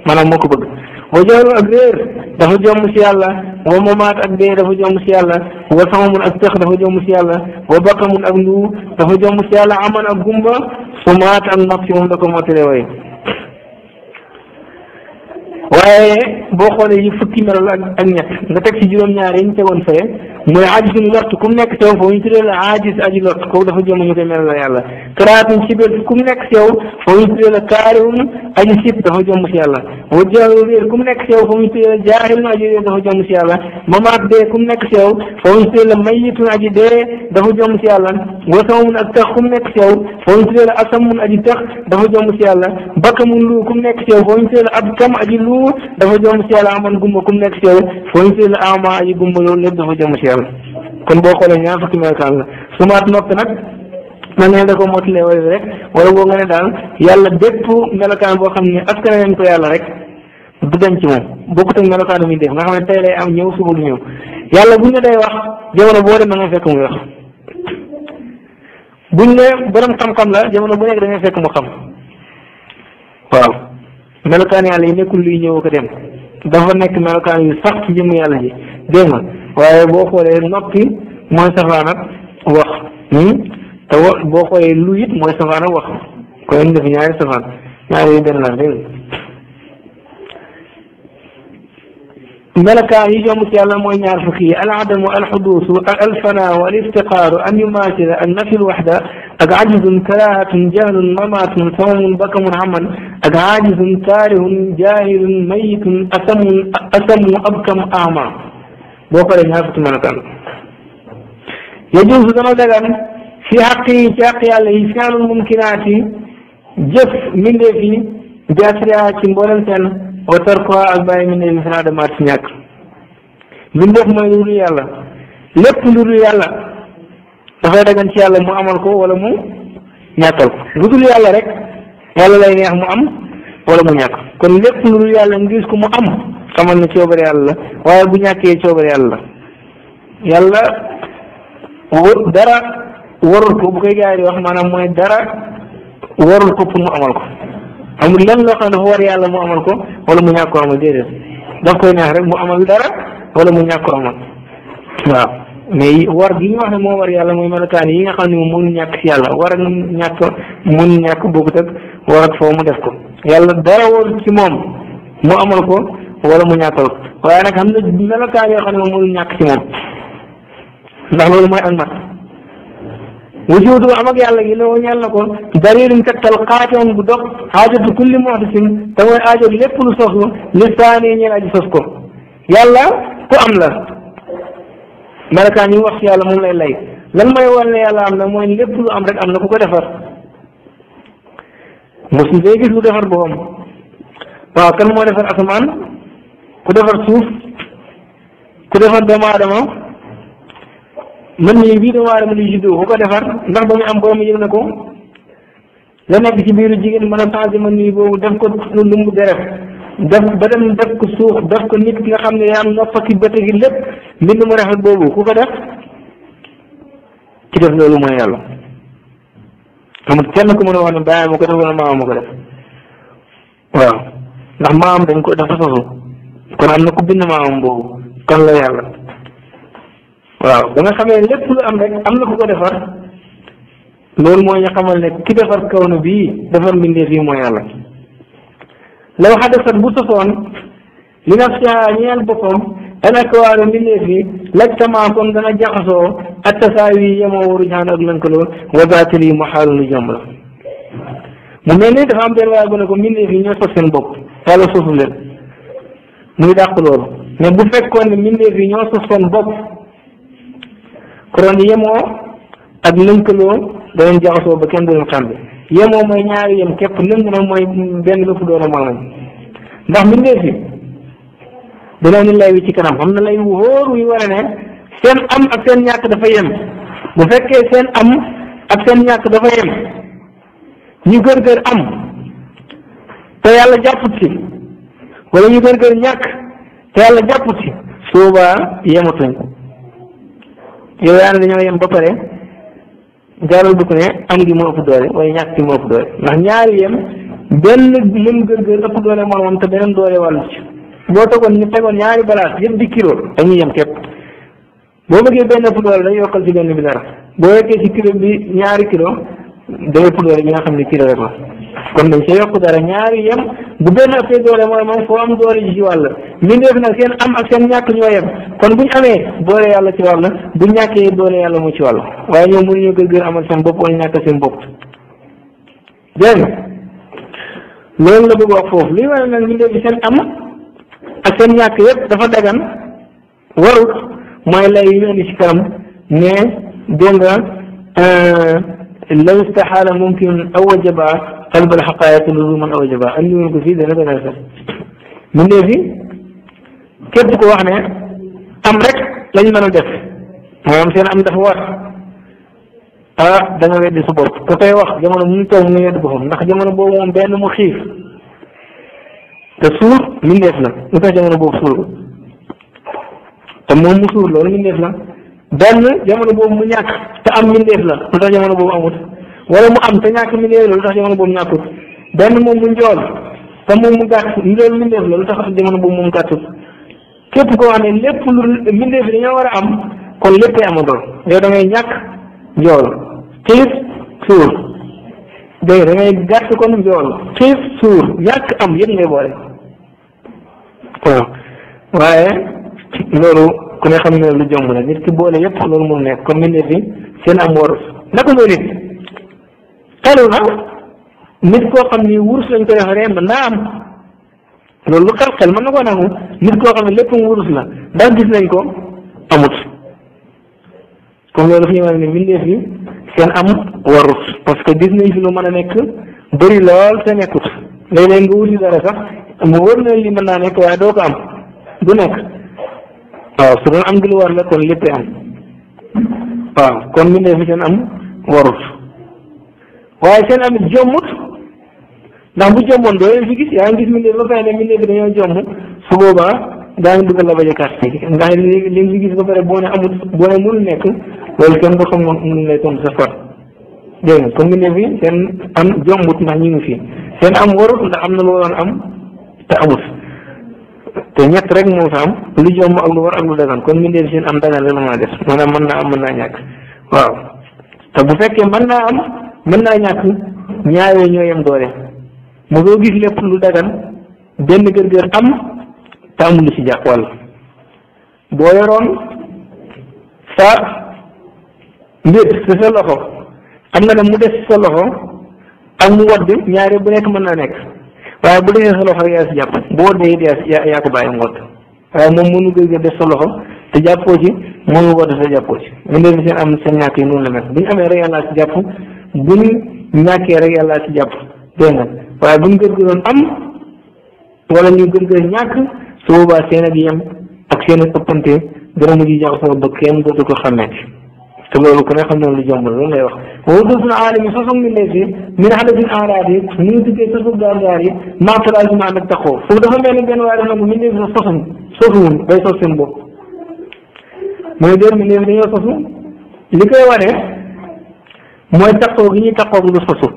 maanaam moo ko bëgg. wa jaaru ak réer dafa jomm si yàlla wa mamaat ak dee dafa jomm si yàlla wa samamun ak tëx dafa jomm si yàlla wa bakamun ak nduu dafa jomm si yàlla aman ak gumba sumaat ak mag si da ko mottale way waaye boo xoolee yi fukki melal ak nga teg si juróom-ñaar yi ñu tegoon mooy aajisul lott ku mu nekk si yow foofu ñu tuddee dafa jom ñu koy mel la yàlla karaatun ci biir ku mu si yow foofu ñu tuddee la kaarihun aji sib jom si yàlla wa jaalu réer ku mu nekk si yow foofu ñu tuddee la jaahilun aji réer dafa jom si yàlla mamaat dee ku mu nekk si yow foofu ñu tuddee la mayitun aji dee dafa jom si yàlla wasamun ak e ku mu nekk si yow foofu ñu tuddee la asamun aji tax dafa si yàlla bakamun lu ku mu nekk si yow foofu ñu tuddee la abkam aji lu dafa si yàlla aman gumba ku mu nekk si yow foofu ñu tuddee la ama aji gumba loolu yàlla kon boo xoolee ñaar fukki melokaan la su maat noppi nag man ne da ko rek wala boo nga ne daal yàlla bépp melokaan boo xam ne askan nañ ko rek du dem ci moom bokkut ak melokaanu muy def nga xam ne tey lay am ñëw suba du ñëw yàlla buñ ne day wax jamono boo dem da ngay fekk wax buñ ne borom xam-xam la jamono bu nekk da fekk mu xam waaw melokaan yàlla yi nekkul luy ñëw ko dem dafa nekk melokaan yu sax ci jëmm yàlla ji dégg waaye boo xoolee noppi mooy safaanab wax hmm? te wa boo xoolee lu it mooy safaanab wax kon def ñaari safaan ñaari yu benn la dégg ملكا هي يجوم تعالى مو يعرف كي العدم والحدوث الفناء والافتقار أن يماثل النفي الوحدة أجعجز كراهة جهل ممات ثوم بكم عمل أجعجز كاره جاهل ميت أسم أسم أبكم أعمى boo paree ñaar fukki mën a tànn yajuusu dana dagan fi xaq yi ci xaq yàlla yi fi'lul mumkinaat yi jëf mbindeef yi bi asriha ci mboolem seen wa tarkuha ak bàyyi mbindeef yi sanaa demaat ci ñàkk mbindeef mooy lu dul yàlla lépp lu yàlla dafay dagan ci yàlla mu amal ko wala mu ñàkkal ko lu dul rek yàlla lay neex mu am wala mu ñàkk kon lépp lu dul yàlla mu gis ko mu am xamal ne coobare yàlla waaye bu ñàkkee coobare yàlla yàlla dara warul ko bu koy gars yi di wax maanaam mooy dara warul ko pour mu amal ko amul len loo xam ne dafa yàlla mu amal ko wala mu ñàkk ko amal déedéet daf koy neex rek mu amal dara wala mu ñàkk ko amal waaw mais war gi ñu wax ne moo war yàlla mooy melokaan yi nga xam ne moom mënu ñàkk si yàlla war ak ñàkk mënu ñàkk bokkut ak war mu def ko dara warul ci moom mu amal ko. wala mu ñàkkal ko waaye nag xam na melokaan yoo xam ne moom mënul ñàkk ci moom ndax loolu mooy ak mat wujudu am ak yàlla gi loo ñeel na ko dalilum tegtal xaatoon bu dog xaajatu kulli muhdisin te mooy aajo lépp lu soxlu listaani ñeen aji sos ko yàlla ku am la melokaan yi wax ci yàlla moom lay lay lan mooy wan ne yàlla am na mooy lépp lu am rek am na ku ko defar mosu ngay gis lu defar boppam waaw kan moo defar asamaan ku defar suuf ku defar doomu aadama mën nañu bii doomu aadama di juddoo ku ko defar ndax ba mu am borom yëg na ko la nekk ci biiru jigéen mën a changé mën nañu boobu def ko lumbu deret def ba dem def ko suuf def ko nit ki nga xam ne yaa am nopp ki bët gi lépp mbir mu rafet boobu ku ko def ci def loolu mooy yàlla amut kenn ku mën a wax ne bàyyi ma ko def wala maama ma ko def waaw ndax kon am na ku bind maamam boobu kan la yàlla waaw ba nga xamee lépp lu am na ku ko defar loolu mooy ñu xamal ne ki defar kaw na bii defar mbindeef yi mooy yàlla law xadasat bu sosoon li nafsihaa ñeel boppam al akwaaru mbindeef yi lajtamaa kon dana jaxasoo attasaawi yemoo waru jaan ak lënkaloo wa zaatil yi mu xaalu lu jomb la mu mel ni dafa am benn waaye bu ne ko mbindeef yi ñoo sos seen bopp yàlla sosu leen muy dàq loolu mais bu fekkoon ne mbindeef yi ñoo sos seen bopp konoon yemoo ak lënkaloo da leen jaxasoo ba kenn du leen xam yemoo mooy ñaari yem képp lënkaloo mooy benn lépp doon a maanaam ndax mbindeef yi dina ni lay wi ci kanam xam na lay wu wóor yu ne seen am ak seen ñàkk dafa yem bu fekkee seen am ak seen ñàkk dafa yem ñu gër gër am te yàlla jàpput ci wala ñu gën gën ñàkk te yàlla jàpp ci suubaa yematuñ ko yow yaa ne dañoo yem ba pare jaaral bu ko ne am gi moo ëpp doole wala ñàkk gi moo ëpp doole ndax ñaari yem benn lëm gër gër ëpp doole moroomam te beneen doole wàllu ci boo tegoon ñu tegoon ñaari balaas yëpp di kilo dañuy yem képp boo bëggee benn ëpp doole dañuy yokkal ci benn bi dara boo yekkee ci kilo bi ñaari kilo day ëpp doole bi nga xam ne kilo kon dañ ca yokk dara ñaari yem bu benn ëppee doole mooy moom foo am doole ji ci wàll mbindeef nag seen am ak seen ñàkk ñoo yem kon buñ amee doole yàlla ci wàll bu ñàkkee doole yàlla moo ci wàll waaye ñoom mënuñu gën gën amal seen bopp wala ñàkk seen bopp dégg nga loolu la bëgg wax foofu li wane nag mbindeef bi seen am ak seen ñàkk dafa dagan warut mooy lay yu leen ci ne dégg nga euh, law mumkin aw wajaba xalbal xaqaayati loolu man awjaba andi woon ko fii dana ko dara mu ne fi képp ko wax ne am rek lañ mën a def maanaam seen am dafa war ah da nga weddi sa bopp ku koy wax jamono mu toog mu weddi boppam ndax jamono boobu moom benn mu xiif te suur mbindeef la lu tax jamono boobu suur te moom mu suur loolu mbindeef la benn jamono boobu mu ñàkk te am mbindeef la lu tax jamono boobu amut wala mu am te ñàkk mi néew lu tax jamono boobu ñàkkut benn moom mu njool te moom mu gàtt njool mbindeef la lu tax jamono boobu moom gàttut képp koo xam ne lépp lu mbindeef yi dañoo war a am kon léppay amadoo yow da ngay ñàkk njool ciif suur day da ngay gàtt kon njool ciif suur ñàkk am yëpp ngay boole waaw waaye loolu ku ne xam ne lu jomb la nit ki boole yëpp loolu mun nekk comme mbindeef yi seen am war naka loolu it xelu na nit koo xam ni wurus lañ ko defaree naa am loolu lu xel xel mën na koo nangu nit koo xam ne lépp wurus la ndax gis nañ ko amut comme loolu dafa ñu war ne mbindeef yi seen am warut parce que gis nañ fi lu mën a nekk bëri lool te nekkut léeg nga wër na li mën naa nekk waaye doo ko am du nekk waaw su doon am gi la kon léppay am kon mbindeef yi seen warut waaye seen amit jommut ndax bu jommoon doo leen fi gis yaa ngi gis mbindéef ba pare ne mbindéef dañoo jomm su boobaa daa ngi bëgg la bañ a carte gi ndax li li nga ba pare boo amul boo ne nekk loolu kenn ko xamoon mënul lay tontu sa far dégg nga kon mbindéef am jommut ndax ñu ngi fi seen am warut ndax am na lu waroon am te amut te ñett rek moo fa am lu jomm ak lu war ak lu dagan kon mbindéef seen am dagan rek la mën a def maanaam a naa am mën naa ñàkk waaw te bu fekkee mën naa am. mën naa ñàkk ñaayoo ñoo yem doole mu doo gis lépp lu dagan benn gër-gër am tàmmul si jàpp wàll boo yoroon sa mbir si sa loxo xam nga ne mu des sa loxo ak mu wadd ñaare bu nekk mën naa nekk waaye bu desee sa loxo yaa si jàpp bu waddee it yaa yaa ko bàyyi ngoot waaye moom mënu gër-gër des sa loxo te jàppoo ci mënu wadd sa jàppoo ci mu ne seen am seen ñàkk yi noonu la mel bu ñu amee rek yàlla si jàpp bu ñu ñàkkee rek yàlla ci jàpp dégg nga waaye bu ñu gën gënoon am wala ñu gën gën ñàkk su boobaa seen yem ak seen ak ëppante dana mujj jaxasoo ba kenn dootu ko xamee te loolu ku ne xam la mu ngi tuddee sosog daandaar yi maatalaal bi ma ànd ak taxoo foofu dafa mel ni benn waaye def na ko mi nekk sax sosuñ ne déer mi nekk dañoo sosu li koy waree mooy taxaw gi ñuy taxaw lu sosu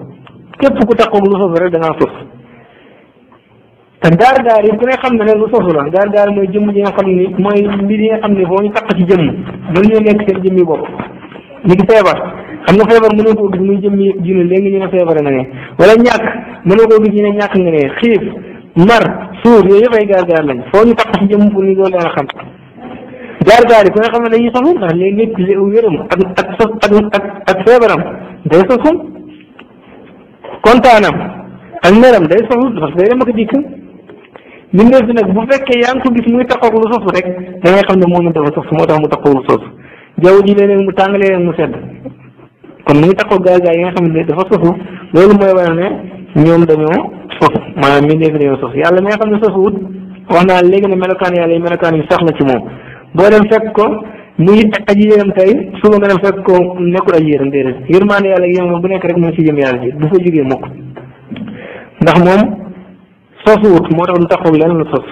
képp ku taxaw lu sosu rek da ngaa sos te gaar gaar yi ku ne xam ne ne lu sosu la gaar gaar mooy jëmm yi nga xam ni mooy mbir yi nga xam ne foo ñu taq ci jëmm loolu ñoo nekk seen jëmmi bopp ñu ngi feebar xam nga feebar mënoo koo gis muy jëmmi junne léegi ñu ne feebare na ne wala ñàkk mënoo koo gis ñu ne ñàkk nga ne xiif mar suur yooyu yëpp ay gaar gaar lañ foo ñu taq ci jëmm pour ñu doon leen xam دار ذلك ويقم الذي يصنعون ليجزئهم أكسبرم ديسكم كنت أنا أنرم ديسهم غير مكديكم من ديس نك bu fekkee yaa ngi ko gis muy taxaw lu sosu rek da ngay xam ne moo ñu dafa sosu moo tax mu taxaw lu sosu jaww ji leneen mu tàng leneen mu sedd kon muy taxaw gaa gaa yi nga xam ne dafa sosu loolu mooy wane ne ñoom dañoo sosu maanaam mi nekk dañoo sosu yàlla mi nga xam ne sosu wut wax naa léegi ne melokaan yàlla yi melokaan yi sax na ci moom boo dem set ko muy aji yërëm tey suba nga dem fekk ko nekkul aji yërëm déedéet yërmaande yàlla yéen bu nekk rek mu ngi si jëm yàlla ji du fa jógee mukk ndax moom sosuwut moo tax du taxaw lenn la sos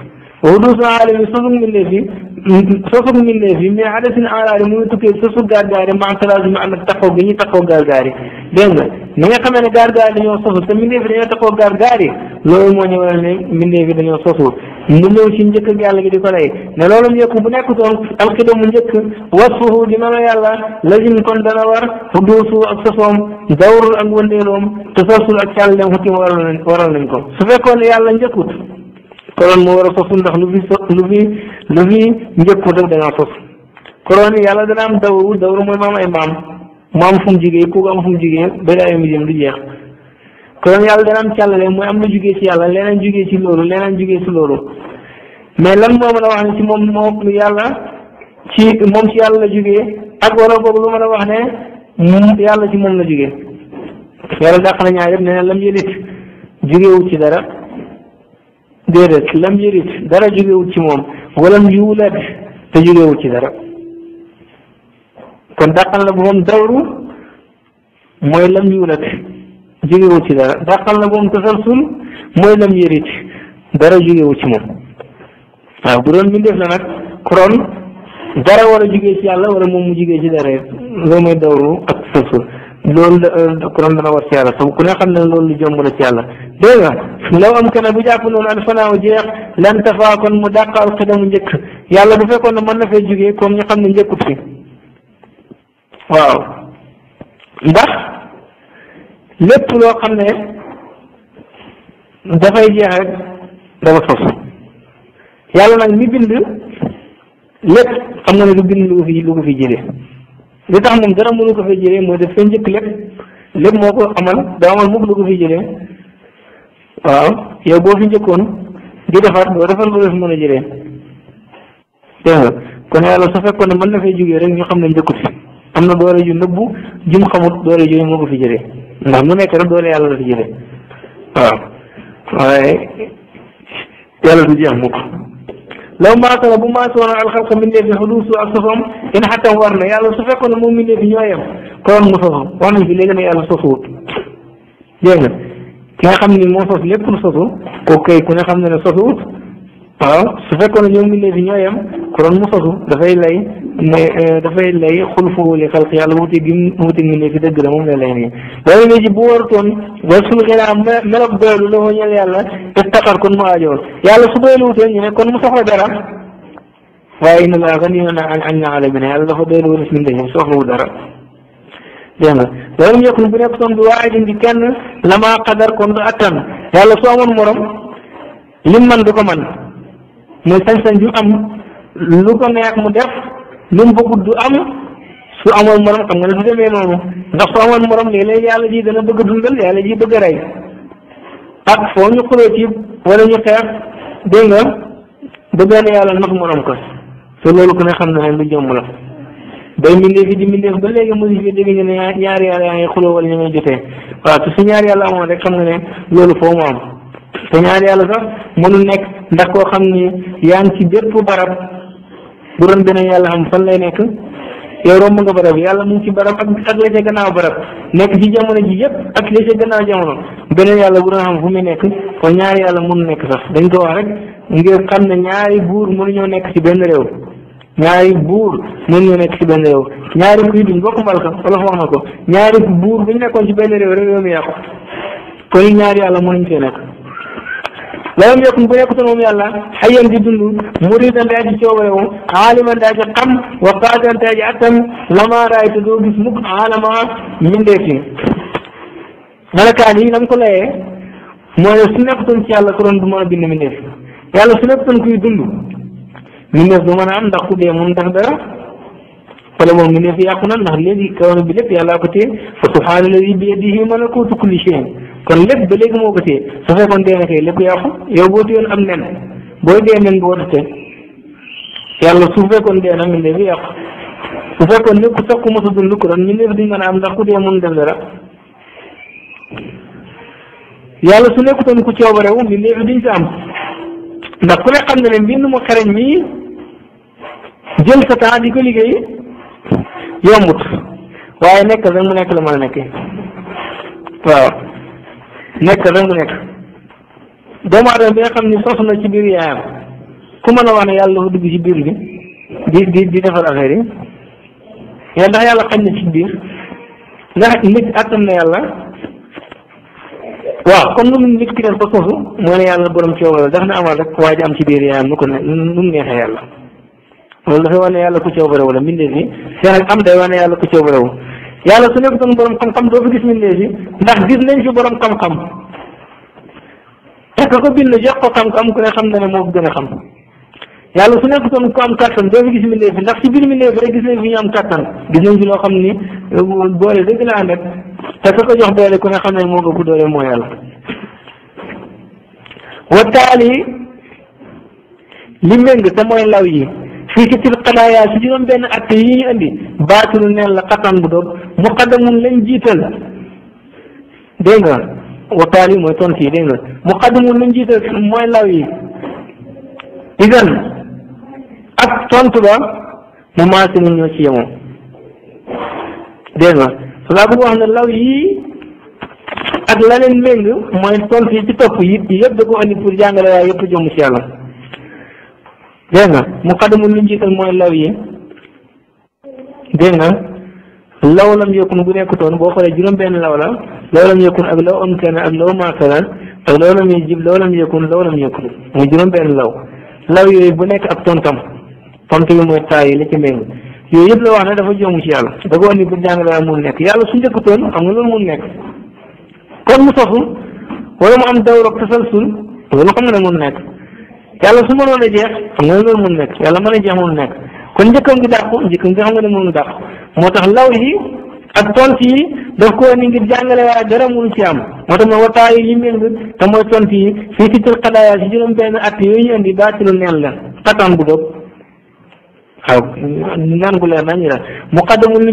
oɗuso alami sosugmille fi sosugmille fi mais haɗa sin alade mum tukke sosu gargare ma entourage ma annak takko gañi takko gargare dégg nga ni nga xamee ne gargare dañoo sosu te mbindeefi dañoo takko gargare loolu moo ñëwal ne mbindeefi dañoo sosu mu ñëw si njëkk ak yàlla gi di ko lay ne loolu mu yëkk bu nekk doon alxida mu njëkk wasfuhu dina la yàlla lazim kon dana war xuduusu ak sosoom dawrul ak wëndeeloom te sosul ak càlleem xukkim waral nañ waral nañ ko su fekkoon yàlla njëkkut koroon moo war a sosu ndax lu fi so lu fi lu fi njëkk def dangaa sos koroon yi yàlla dana am dawru dawru mooy maam ay maam mu am fu ko jigee kooku am fu mu jigee ba daa yomb jëm du jeex koroon yàlla dana am càllale mooy am na jugee ci yàlla leneen jugee ci loolu leneen jugee ci loolu mais lan moo mën a wax ne ci moom moom yàlla ci moom ci yàlla la jugee ak wala boobu lu mën a wax ne moom yàlla ci moom la jugee yàlla dàq na ñaar yëpp nee na lam yëlit jugeewut ci dara déedéet lam yërit dara jógewut ci moom walam yuulat te jógewut ci dara kon dàqal na boppam dawru mooy lam yuulat jógewut ci dara dàqal na boppam tasalsul mooy lam yërit dara jógewut ci moom waaw bu doon mbindeef la nag kon dara war a jógee ci yàlla wala moom mu jógee ji dara loolu mooy dawru ak tasalsul loolu la kon euh, dana war ci yàlla xam ku ne xam ne loolu lu jomb la ci yàlla dégg nga law am kana bu jàpp noonu alfanaaw jeex lan tafaa kon mu dàq alxidamu njëkk yàlla bu fekkoon ne mën na fee jugee comme ñu xam ne njëkkut fi waaw ndax lépp loo xam ne dafay jeex rek dafa sos yàlla nag mi bind lépp xam nga ne lu bind lu ko fi lu li tax moom dara mënu ko fay jëlee mooy def fee njëkk lépp lépp moo ko amal daa amal mukk lu ko fay jëlee waaw yow boo fi njëkkoon di defar boo defar lu def mën a jëlee dégg nga kon yàlla su fekkoon ne mën na fay jógee rek ñu xam ne njëkkut am na doole ju nëbbu jum xamut doole ju moo ko fi jëlee ndax mu nekk rek doole yàlla la fi jëlee لو ما طلبوا ما سوى الخلق مني في حدوث وأصفهم إن حتى ورنا يا الله صفا كنا مؤمنين في نوايهم كون مصفهم وانا في الليلة يا الله صفوت جاهل كنا خمني موصف ليب كنا صفوت وكي كنا خمني صفوت waaw su fekkoon ne ñoom ñu ne fi ñoo yem ku doon mosasu dafay lay ne euh, dafay lay xulfuhu li xalq yàlla wuute gi ne fi dëgg la moom la lay nii loolu léegi bu waratoon wasul xilaa melog doylu la ñel yàlla istaqar kon mu aajool yàlla su doylu wuute ñu ne kon mu soxla dara waaye inna laa ganiyun an an alamina yàlla dafa doylu woon si ñun soxlawu dara dégg nga loolu mu yokkul bu nekkoon bi waajin ma kenn lama qadar kon du attan yàlla su amoon morom man du mooy sañ-sañ ju am lu ko neex mu def lu mu bëggut du am su amoon morom xam nga ne du demee noonu ndax su amoon morom léeg-léeg yàlla ji dana bëgg dundal la ji bëgg a rey ak foo ñu xuloo ci wala ñu xeex dégg nga ba benn yàlla nax morom ko te loolu ku ne xam na ne lu jëmm la day mbindeef fi di mbindeef ba mu ngi fi dégg ñu ne ñaari yàlla yaa ngi xuloo wala ñu ngay jotee waaw te su ñaari yàlla amoon rek xam nga ne loolu foo mu te ñaan yàlla sax mënul nekk ndax koo xam ni yan ci bépp barab bu doon beneen yàlla xam fan lay nekk yow romb nga barab yàlla mu ci barab ak ak la ca gannaaw nekk ci jamono ji yëpp ak la ca gannaaw jamono beneen yàlla bu doon xam fu nekk kon ñaari yàlla mënul nekk sax dañ ko wax rek ngir xam ne ñaari buur mënuñoo nekk ci benn réew ñaari buur mënuñoo nekk ci benn réew ñaari kuy duñ bokk mbalka wala wax na ko ñaari buur nekkoon ci benn réew réew mi yàqu kon ñaari yàlla mënuñ cee nekk. lalam yokun bu nekkutoon moom yàlla xayyan di dund muridan daa ji coobarewu aaliman daa ji xam wa qaadiran daa ji attan lama raay te doo gis mukk alama mindeefi malakaan yi lam ko layee mooy su nekkutoon ci yàlla ko doon du mën a bind mindeef yàlla su nekkutoon kuy dund mindeef du mën a am ndax ku dee moom ndax dara wala moom mindeef yàqu na ndax léegi kawoon bi lépp yàllaa ko téye fa subhaana alladi bi yadihi malakuutu kulli shay kon lépp ba léegi moo ko téye su de dee na kay lépp yàqu yow boo téyoon am nen booy dee nen boo dutee yàlla su fekkoon dee na mbindeef yi yàqu su ne ku sax ku mos a dund ko doon mbindeef duñ mën a am ndax ku dee mun def dara yàlla su nekkutoon ku coobare wu mbindeef duñ si am ndax ku ne xam na ne mbind mu xereñ mi jël sa temps di ko liggéey yombut waaye nekk rek mu nekk la mën a nekkee waaw. nekk rek mu nekk doomu aadama bi nga xam ni sos na ci biir yaayam ku mën a wax ne yàlla dafa dugg ci biir bi di di di defar affaire yi yàlla ndax yàlla xañ na ci biir ndax nit attan na yàlla waaw comme nu mu nit ki def ba sosu moo ne yàlla borom coobare daf na amal rek waa ji am ci biir yaayam ko ne nu mu neexee yàlla loolu ku coobare wala mbindeef yi seen ak am day wax ne yàlla ku coobare wu yàlla su nekkutoon borom xam-xam doo fa gis mbindeef yi ndax gis nañ fi borom xam-xam te ko bind jox ko xam-xam ku ne xam na ne moo gën a xam yàlla su nekkutoon ku am kattan doo fa gis mbindeef yi ndax ci biir mbindeef rek gis nañ fi ñu am kattan gis nañ fi loo xam ni doole euh, dëgg la ànd ak te ko jox doole ku ne xam ne moo ëpp doole moo yàlla wa taali li méng te mooy law yi. fii ci silxalaaya si juróom benn atte yi ñu andi baatilu neen la xatan bu doon muqaddamun lañ jiital dégg nga waxtaan yi mooy tont yi dégg nga muqaddamun lañ jiital mooy law yi idan ak tontu ba mu maase mu ñoo ci yemoo dégg nga laa bëgg wax ne law yi ak la leen méng mooy tont yi ci topp yi yëpp da ko andi pour jàngale waaye yëpp jëm ci yàlla dégg nga muqaddamu lu jiital mooy law yi dégg nga law lam yokun bu nekkutoon boo xoolee juróom-benn law la law lam yokun ak law am kana ak law maakana ak law lam yajib law lam yokun law lam yokun muy juróom-benn law law yooyu bu nekk ak tontam tontu bi mooy taay yi la ci méng yooyu yëpp la wax ne dafa joomu ci yàlla da ko indi pour jàng laa mun nekk yàlla su njëkkutoon xam nga loolu mun nekk kon mu sosu wala mu am dawr ak tasalsul loolu xam nga ne mun nekk Kalau semua orang aja, jeex xam nga loolu mun nekk yàlla mën a jeex jika nekk kon njëkkam gi Mau njëkkam gi xam nga ne mënu dàqu moo tax law yi ak tontu yi daf ko ni ngir jàngale waaye dara mënu ci am moo tax ma wataayu yi mu indi te mooy tontu yi fii ci tël xadaaya si juróom benn at yooyu ñu indi baatilu neen la xataan bu dog waaw naan gu leer nañu la mu xadamu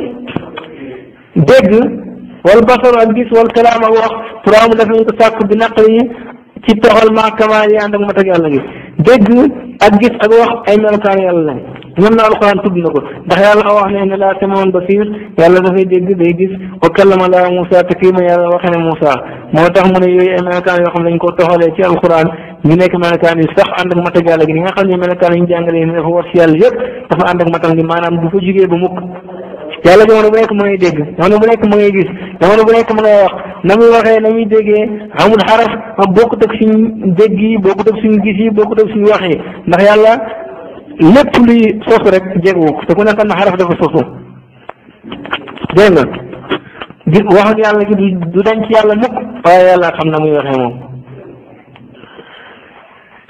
si ko dégg wal basar ak gis wal kalaam ak wax trois mu def nañ ko sàkk bi naqari ci toxal maakamaa yi ànd ak mat ak yàlla gi dégg ak gis ak wax ay melokaan yàlla lañ mën na alxuraan tudd na ko ndax yàlla wax ne ne laa samoon basiir yàlla dafay dégg day gis wa kallama laa Moussa te kii ma yàlla waxee ne Moussa moo tax mu ne yooyu ay melokaan yoo xam ne dañ ko toxalee ci alxuraan ñu nekk melokaan yi sax ànd ak mat ak nga xam ne melokaan yi ñu jàngalee ne dafa war ci yàlla yëpp dafa ànd yàlla jamono bu nekk mu ngay dégg jamono bu nekk mu ngay gis jamono bu nekk mu ngay wax na muy waxee na muy déggee amul xaraf bokkut ak suñ dégg yi bokkut ak suñ gis yi bokkut ak wax yi ndax yàlla lépp luy sosu rek jéego te ku nekk na xaraf dafa sosu dégg nga di wax ak yàlla gi du dañ ci yàlla mukk waaye yàlla xam na muy waxee moom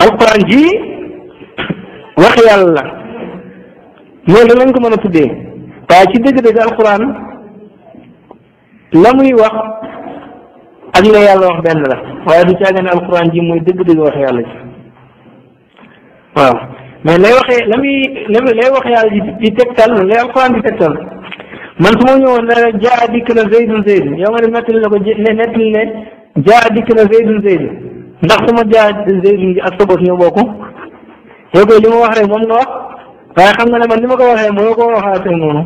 alquran ji wax yàlla loolu ko mën a tuddee waaye ci dëgg-dëgg alquran la muy wax ak la yàlla wax benn la waaye du caaga ne alquran ji mooy dëgg-dëgg wax yàlla ji waaw mais lay waxee la muy lay wax yàlla ji di tegtal lay alquran di tegtal man su ma ñëwoon ne jaa dikk na zeydun zeydun yow nga ne nettali na ko ne nettali ne jaa dikk na zeydun zeydun ndax su ma ji ak sa bos ñoo bokku yow koy li ma wax rek moom nga wax waaye xam nga ne man ni ma ko waxee moo ko waxaatee noonu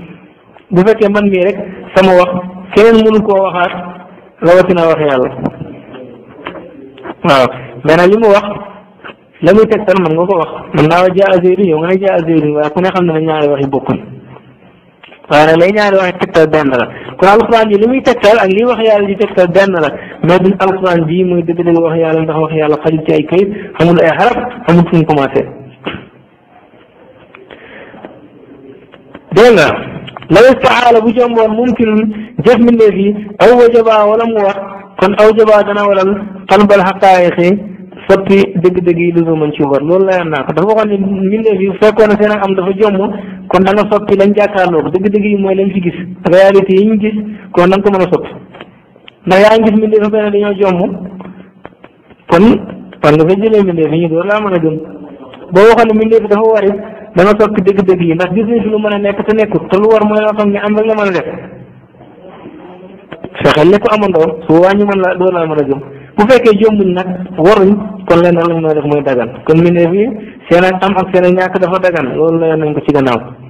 bu fekkee man mii rek sama wax keneen mënu koo waxaat rawatina wax na waaw mais nag li mu wax la muy teg tan man nga ko wax man naa wa jaa azeri yow nga ne jaa azeri waaye ku ne xam ne ne ñaari wax yi bokkul waaye nag lay ñaari wax yi tegtal benn la kon alquran bi li muy tegtal ak li wax yàlla di tegtal benn la mais duñ alquran bii mooy dëgg-dëgg wax yàlla ndax wax yàlla xajul ci ay kayit xamul ay xaraf xamul fu ñu dégg na law istaala bu jomboon mumkinun jëf mbindeef yi aw wajaba wala mu war kon aw jaba dana waral xalbal xaqaayiqi soppi dëgg-dëgg yi lusuman ci war loolu layan naa ko dafa waxoon ne mbindeef yi fekkoon na seen am dafa jomb kon da nga soppi lañ jàkkaarloo ko dëgg-dëgg yi mooy lañ ci gis réalité yi ñu gis kon da nga ko mën a soppi ndax yaa ngi gis mbindeef yi benn dañoo jomb kon kon nga fa jëlee mbindeef yi ñu door laa mën a gëm boo waxoon ne mbindeef dafa warit dana soppi dëgg-dëgg yi ndax gis nañ lu mën a nekk te nekkut te lu war mooy loo xam ne am rek la a def fexeel ne ko amandoo su waa ñu mën la doo laa mën a gëm bu fekkee jombuñ nag waruñ kon lenn lañ mën a def mooy dagan kon mbindeef ne seen ak am ak seen ak ñàkk dafa dagan loolu la nañ ko ci gannaaw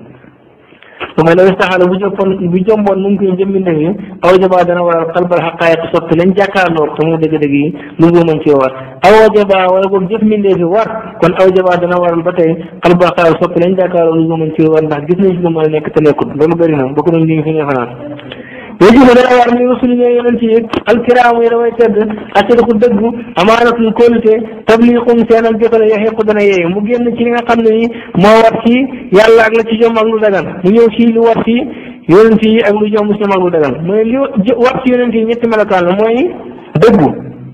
su may looy saxaale bu jëppoon bu jomboon mu ngi koy jëmmi ndef yi aw dana waral xalbal xaqaayiq soppi lañ jàkkaarloog te mu dëgg-dëgg yi lu mu mën cee war aw jaba wala boog jëf mindee fi war kon aw jaba dana waral ba tey xalbal xaqaayiq soppi lañ jàkkaarloog lu mu mën cee war ndax gis nañ ci lu mën a nekk te nekkut loolu bëri na bokk nañ li ñu fi léegi mu dana war ni rasuliñe yonent yi alkiraamu yéena way tedd asirku dëggu amaanatul kóolute tabliqum seen ak jotale yaxiqu dana yeey mu génn ci li nga xam ne ni moo war ci yàlla ak la ci jom ak lu dagan mu ñëw ci lu war ci yonent yi ak lu jom ci jom ak lu dagan mooy li war ci yonent yi ñetti melokaan la mooy dëggu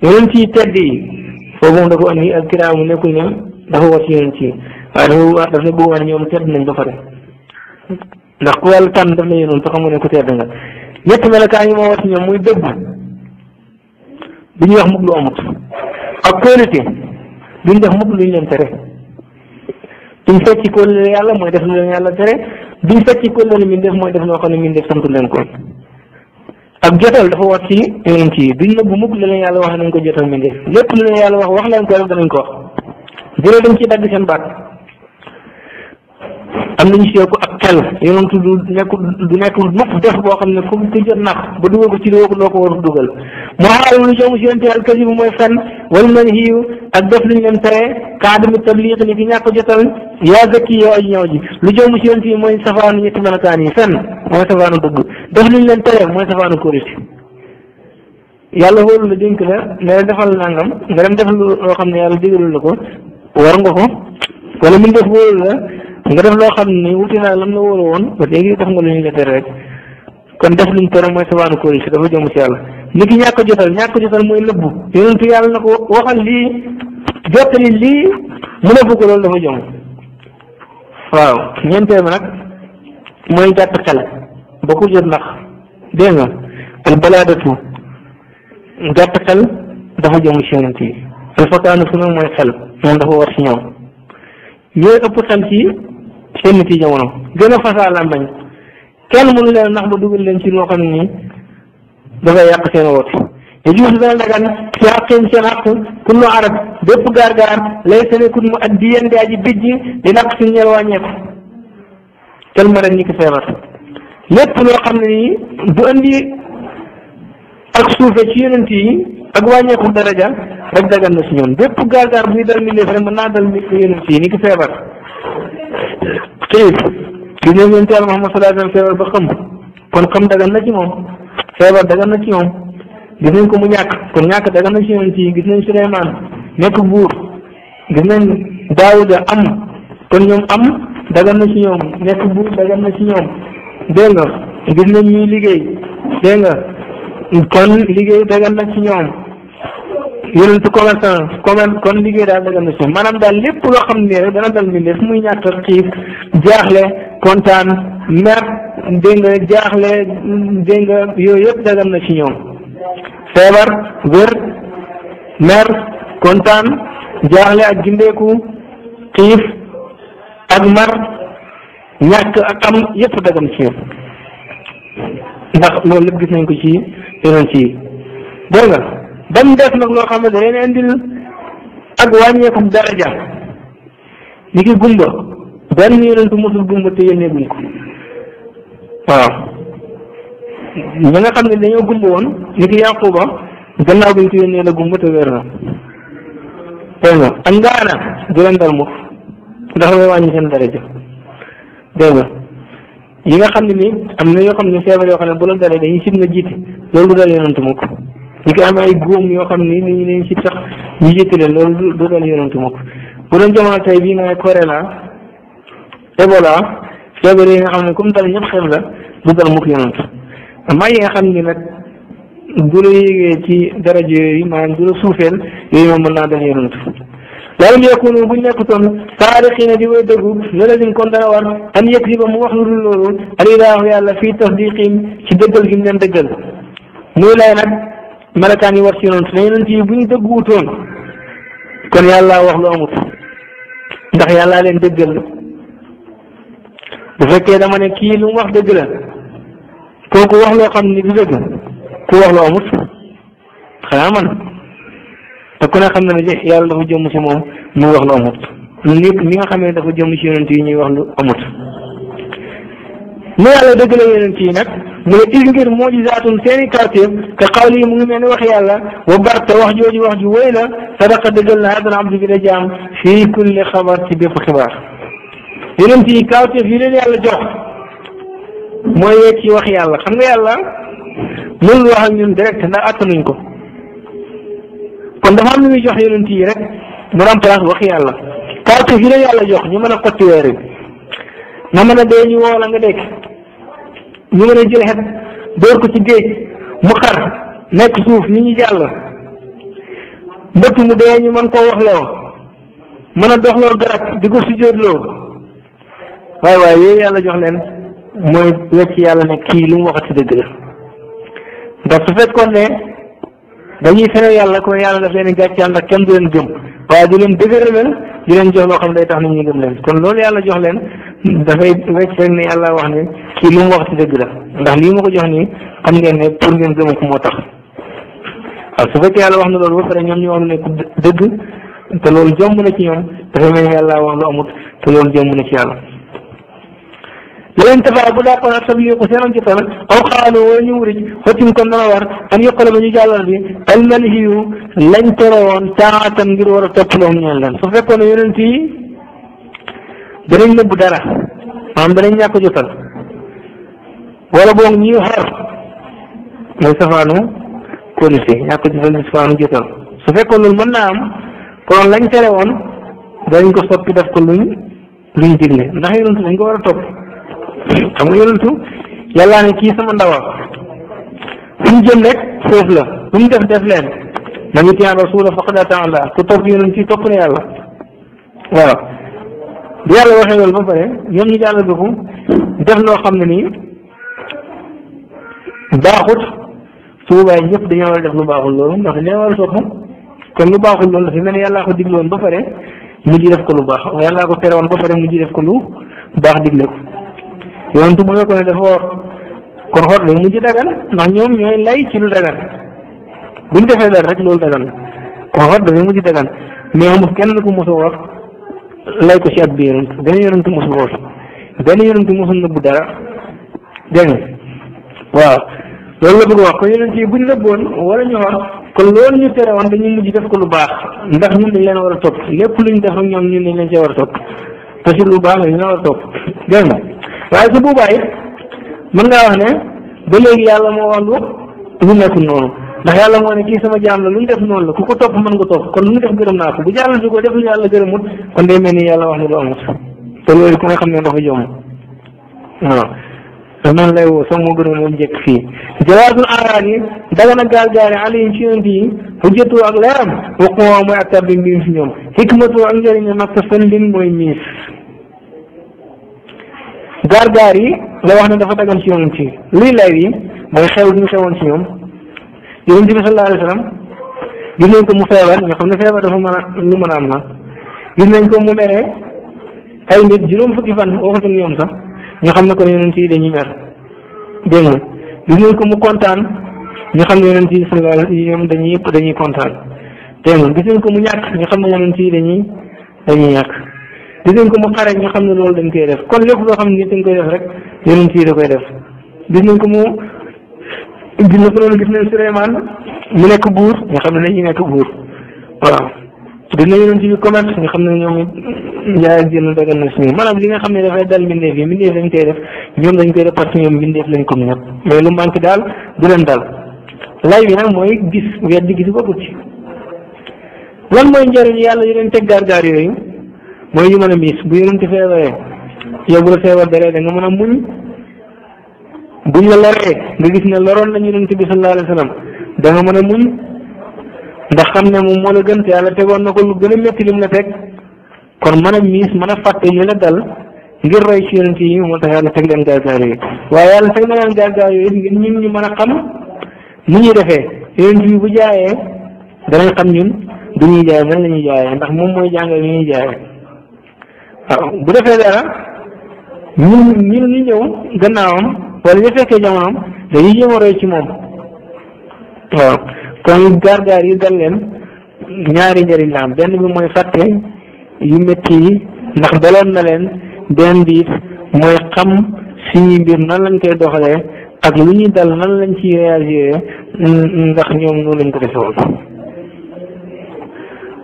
yonent yi tedd yi foofu moom dafa andi alkiraamu nekkul ne dafa war ci yonent yi waaye dafa daf ne bëgg wax ne ñoom tedd nañ ba pare ndax ku yàlla tànn daf la yéenoon te xam nga ne ku tedd ñetti melokaan yi moo war ci ñoom muy dëgg du ñuy wax mukk lu amut ak kóolute duñ def mukk lu leen tere duñ fecci kóolule yàlla mooy def lu leen yàlla tere duñ fecci kóolule min def mooy def noo xam ne min def santu leen ko ak jotal dafa war ci yeneen ci duñ nëbbu mukk lu leen yàlla wax nañ ko jotal min def lépp lu leen yàlla wax wax leen ko rek danañ ko wax jëlee dañ ci dagg seen baat am nañu si ko ak xel yonentu du nekkul du nekkul mukk def boo xam ne comme que jot naq ba dugal ko ci loo ko loo ko war a dugal mu xaaral lu jëm si yonent alkasi bu mooy fen wala man xiiw ak def luñ leen tere kaadamu tabliq ni ki ñàkk jotal yaa zakki yow aji ñëw ji lu jëm si yonent yi mooy safaanu ñetti melokaan yi fen mooy safaanu dëgg def luñ leen tere mooy safaanu korite yàlla wóolu la dénk la ne la defal nangam nga dem def lu loo xam ne yàlla digalul la ko war nga ko wala mun def wóolu la nga def loo xam ne wuti naa lam la wóor woon ba léegi def nga lu ñu la tere rek kon def luñ tere mooy sabaanu kóor yi si dafa jëm si yàlla nit ki ñàkk jotal ñàkk jotal mooy nëbbu yonent yàlla na ko waxal lii lii mu nëbbu ko loolu dafa jëm waaw ñeenteel ma nag mooy jàpp xel ba ku jot ndax dégg nga al balaadatu jàpp xel dafa jëm si yonent yi alfakaanu su nag mooy xel moom dafa war si ñoom yooyu ëpp xel ci kenn ci jamono gën a fasaa lambañ kenn mënu leen nax ba dugal leen ci loo xam ne dafay yàq seen woote يجوز دان دغان في حق شناق كل عرب بيب غار غار ليس لكن مؤديا داجي بيجي لنقص نيل وانيك كلمه نيك فيبر لب لو خامني bu andi ak suufe ci yonent yi ak wàññeeku daraja rek dagan na si ñoom bépp gaar gaar ñu dal mi mën dal mi yonent yi ni feebar tayib gis nañ leen teel Muhammad sallallahu alayhi wa ba xam kon xam dagan na ci moom feebar dagan na ci moom gis nañ ko mu ñàkk kon ñàkk dagan na ci moom ci gis nañ Suleymaan nekk buur gis nañ Daawuda am kon ñoom am dagan na ci ñoom nekk dagan na ci ñoom dégg nga gis nañ ñuy liggéey dégg nga kon liggéey dagan na ci yonent commerçant commerce kon liggéey daal dagan na ci maanaam daal lépp loo xam ne rek dana dal mbindeef muy ñàkk xiif jaaxle kontaan mer dégg nga jaaxle yooyu yëpp dagan na ci ñoom feebar wér mer kontaan jaaxle ak gindeeku xiif ak mar ñàkk ak am yëpp dagan ci ñoom ndax loolu lépp gis nañ ko ci yonent yi dégg ba mu def nag loo xam ne da leen indil ak wàññeeku daraja li ki gumba benn yonent mosul gumba te yónneeguñ ko waaw ñi nga xam ne dañoo gumba woon ni ki Yaquba gannaaw bi ñu ko yónnee la gumba te wér na dégg nga ak ngaana du leen dal mukk ndax mooy wàññi seen daraja dégg nga yi nga xam ne nii am na yoo xam ne feebar yoo xam ne bu la dalee dañuy sib na jiite loolu du dal yonent mukk ñu ngi am ay góom yoo xam ni nit ñi dañ ci tax ñu jiitu leen loolu du doon yonent mukk bu doon jamono tey bii mooy choléra Ebola feebar yi nga xam ne comme dal ñëpp xel la du dal mukk yonent may yi nga xam ni nag bu la yéegee ci daraja yooyu maanaam du la suufeel yooyu moom mën naa dal yonent loolu yekkoon bu nekkutoon taarixina di way dëggu ne la dim kon dana war an yëg si ba mu wax lu dul loolu alilaahu yàlla fii tasdiqim ci dëggal gi mu leen dëggal muy lay nag malakaan yi war ci yonent ne yonent yi bu ñu dëgguwutoon kon yàlla wax lu amut ndax yàllaa leen dëggal bu fekkee dama ne kii lu mu wax dëgg la kooku wax loo xam ni du dëgg ku wax lu amut xanaa man te ku ne xam na ne yàlla dafa jëmm ci moom muy wax lu li ni ni nga xam ne dafa jëmm ci yonent yi ñuy wax lu amut mu yàlla dëgg la yonent yi nag mu ne is ngir mojisaatun seeni kàrteef te xawli yi mu ngi mel ni wax yàlla wa barta wax jooju wax ju wéy la sadaqa dëggal na abdan abdu bi da jaam fii kulli xabar ci bépp xibaar yonent yi kàrteef yi leen yàlla jox mooy wecc ci wax yàlla xam nga yàlla mënul wax ak ñun direct ndax attanuñ ko kon dafa am lu muy jox yonent yi rek mu remplace wax yàlla kàrteef yi leen yàlla jox ñu mën a xotti weer wi ñu mën a jël xet door ko ci géej mu nekk suuf ni ñu jàll mbëtt mu dee ñu mën koo wax mën a doxloo garab di ko sujjóotloo waaye waaye yooyu yàlla jox leen mooy wecc yàlla ne kii lu mu waxati dëgg la ndax su fekkoon ne dañuy fene yàlla ko yàlla daf leen gàccaan ndax kenn du leen gëm waaye du leen dëgëralal di leen jox loo xam day tax nit ñi gëm leen kon loolu yàlla jox leen dafay dafay fekk ne yàlla wax ne kii lu mu wax ci dëgg la ndax lii ma ko jox nii xam ngeen ne pour ngeen gëm ko moo tax waaw su fekkee yàlla wax na loolu ba pare ñoom ñu wax ne ku dëgg te loolu jomb na ci ñoom dafa mel ni yàlla wax lu amut te loolu jomb na ci yàlla. léegi tabax bu daa ko naan sab yëpp seen am ci tan aw xaalu wala ñu wurij xottim kon dana war an yokkale ba ñu jàllal bi al malhiyu lañ tere woon taatan ngir war a topp loom ñeen leen su fekkoon ne yonent yi danañ nëbb dara maanaam danañ ñàkk jotal wala boog ñuy xeer mooy safaanu polise ñàkk jotal di safaanu jotal su fekkoon loolu mën naa am kon lañ tere woon dañ ko soppi def ko luñ luñ digle ndax yonentu dañ ko war a topp xam nga yonentu yàllaa ne kii sama ndawal fu mu jëm rek foofu la lu mu def def leen man itia rasula faqad ataa Allah ku topp yonent ci topp na yàlla waaw bu yàlla waxee loolu ba pare ñoom ñu jàll ko def loo xam ne nii baaxut su boobaa ñëpp dañoo war def lu baaxul loolu ndax dañoo war a sopp kon lu baaxul loolu dafa ne yàllaa ko digloon ba pare mu ji def ko lu baax yàllaa ko terewoon ba pare mu ji def ko lu baax digle ko yoon tu bu dagan ndax ñoom lay ci dagan buñ defee dara rek loolu dagan kon xool dagan mais amul kenn ku mos a lay ko si ab bi yonent benn yonent mosul woor benn yonent mosul nëbbu dara dégg nga waaw loolu la bëgg wax kon yonent yi bu ñu nëbboon wala ñu wax kon loolu ñu tere woon dañuy mujj def ko lu baax ndax ñun dañ leen war a topp lépp lu ñu def ak ñoom ñun dañ leen see war a topp parce lu baax la ñu war a topp dégg nga waaye su boobaa it mën ngaa wax ne ba léegi yàlla moo wax lu nekkul noonu. ndax moo ne kii sama jaam la lu ñu def noonu la ku ko topp mën nga topp kon lu naa ko bu jàll fi ko def lu yàlla gërëmut kon day mel ni yàlla wax lu amut te loolu ku nga xam ne dafa jom waaw te noonu lay woo sax moo gënoon moom jëkk fii jawaasul aaraan yi daga na gaal gaale alayhim ci yonent yi hujjatu ak leeram waqwa mooy ak tabbi mbiim ñoom hikmatu ak njëriñ nag te mooy miis gaar gaar yi wax ne dafa dagan ci yonent yi lii lay yi xew gi ñu xewoon ci ñoom yonent bi sallallahu alayhi wa sallam gis nañ ko mu feebar nga xam ne feebar dafa man a lu mën a am la gis nañ ko mu meree ay nit juróom fukki fan waxatu ñoom sax nga xam ne kon yonent yi dañuy mer dégg nga gis nañ ko mu kontaan nga xam ne yonent yi sallallahu alayhi wa dañuy dañuy kontaan dégg nga gis nañ ko mu ñàkk nga xam ne yonent yi dañuy dañuy ñàkk gis nañ ko mu xare nga xam ne loolu dañ koy def kon lépp loo xam ne nit dañ koy def rek yonent yi da koy def indi na ko loolu gis nañ Souleymane mu nekk buur nga xam ne dañuy nekk buur waaw gis nañ yonent bi commerce nga xam ne ñoom jaay ak jënd dagal na si ñoom maanaam li nga xam ne dafay dal mbindeef yi mbindeef dañ koy def ñoom dañ koy def parce que ñoom mbindeef lañ ko ñëpp mais lu manqué daal du leen dal lay bi nag mooy gis wedd gis bokkut ci lan mooy njëriñ yàlla yu leen teg gaar-gaar yooyu mooy ñu mën a miis bu yonent feebaree yow buñ la loree nga gis ne loroon nañu yonent bi sallallahu alayhi wa sallam da nga mën a muñ ndax xam ne moom moo la gën te yàlla tegoon na ko lu gën a métti lim la teg kon mën a miis mën a fàtte ñu la dal ngir roy ci yonent yi moo tax yàlla teg leen gaar-gaar yooyu waaye yàlla teg na leen gaar-gaar yooyu ngir ñun ñu mën a xam ni ñuy defee yonent bi bu jaayee danañ xam ñun du ñuy jaay nan la ñuy jaayee ndax moom mooy jàngal li ñuy jaayee waaw bu defee dara ñun ñun ñu ñëw gannaawam. wala ñu fekk jamonoom dañuy jéem a roy ci moom waaw kon gargaar yi dal leen ñaari njëriñ la am benn bi mooy fàtte yu métti yi ndax daloon na leen benn bi it mooy xam suñuy mbir nan lañ koy doxalee ak lu ñuy dal lañ ciy réagir ndax ñoom noonu lañ ko defee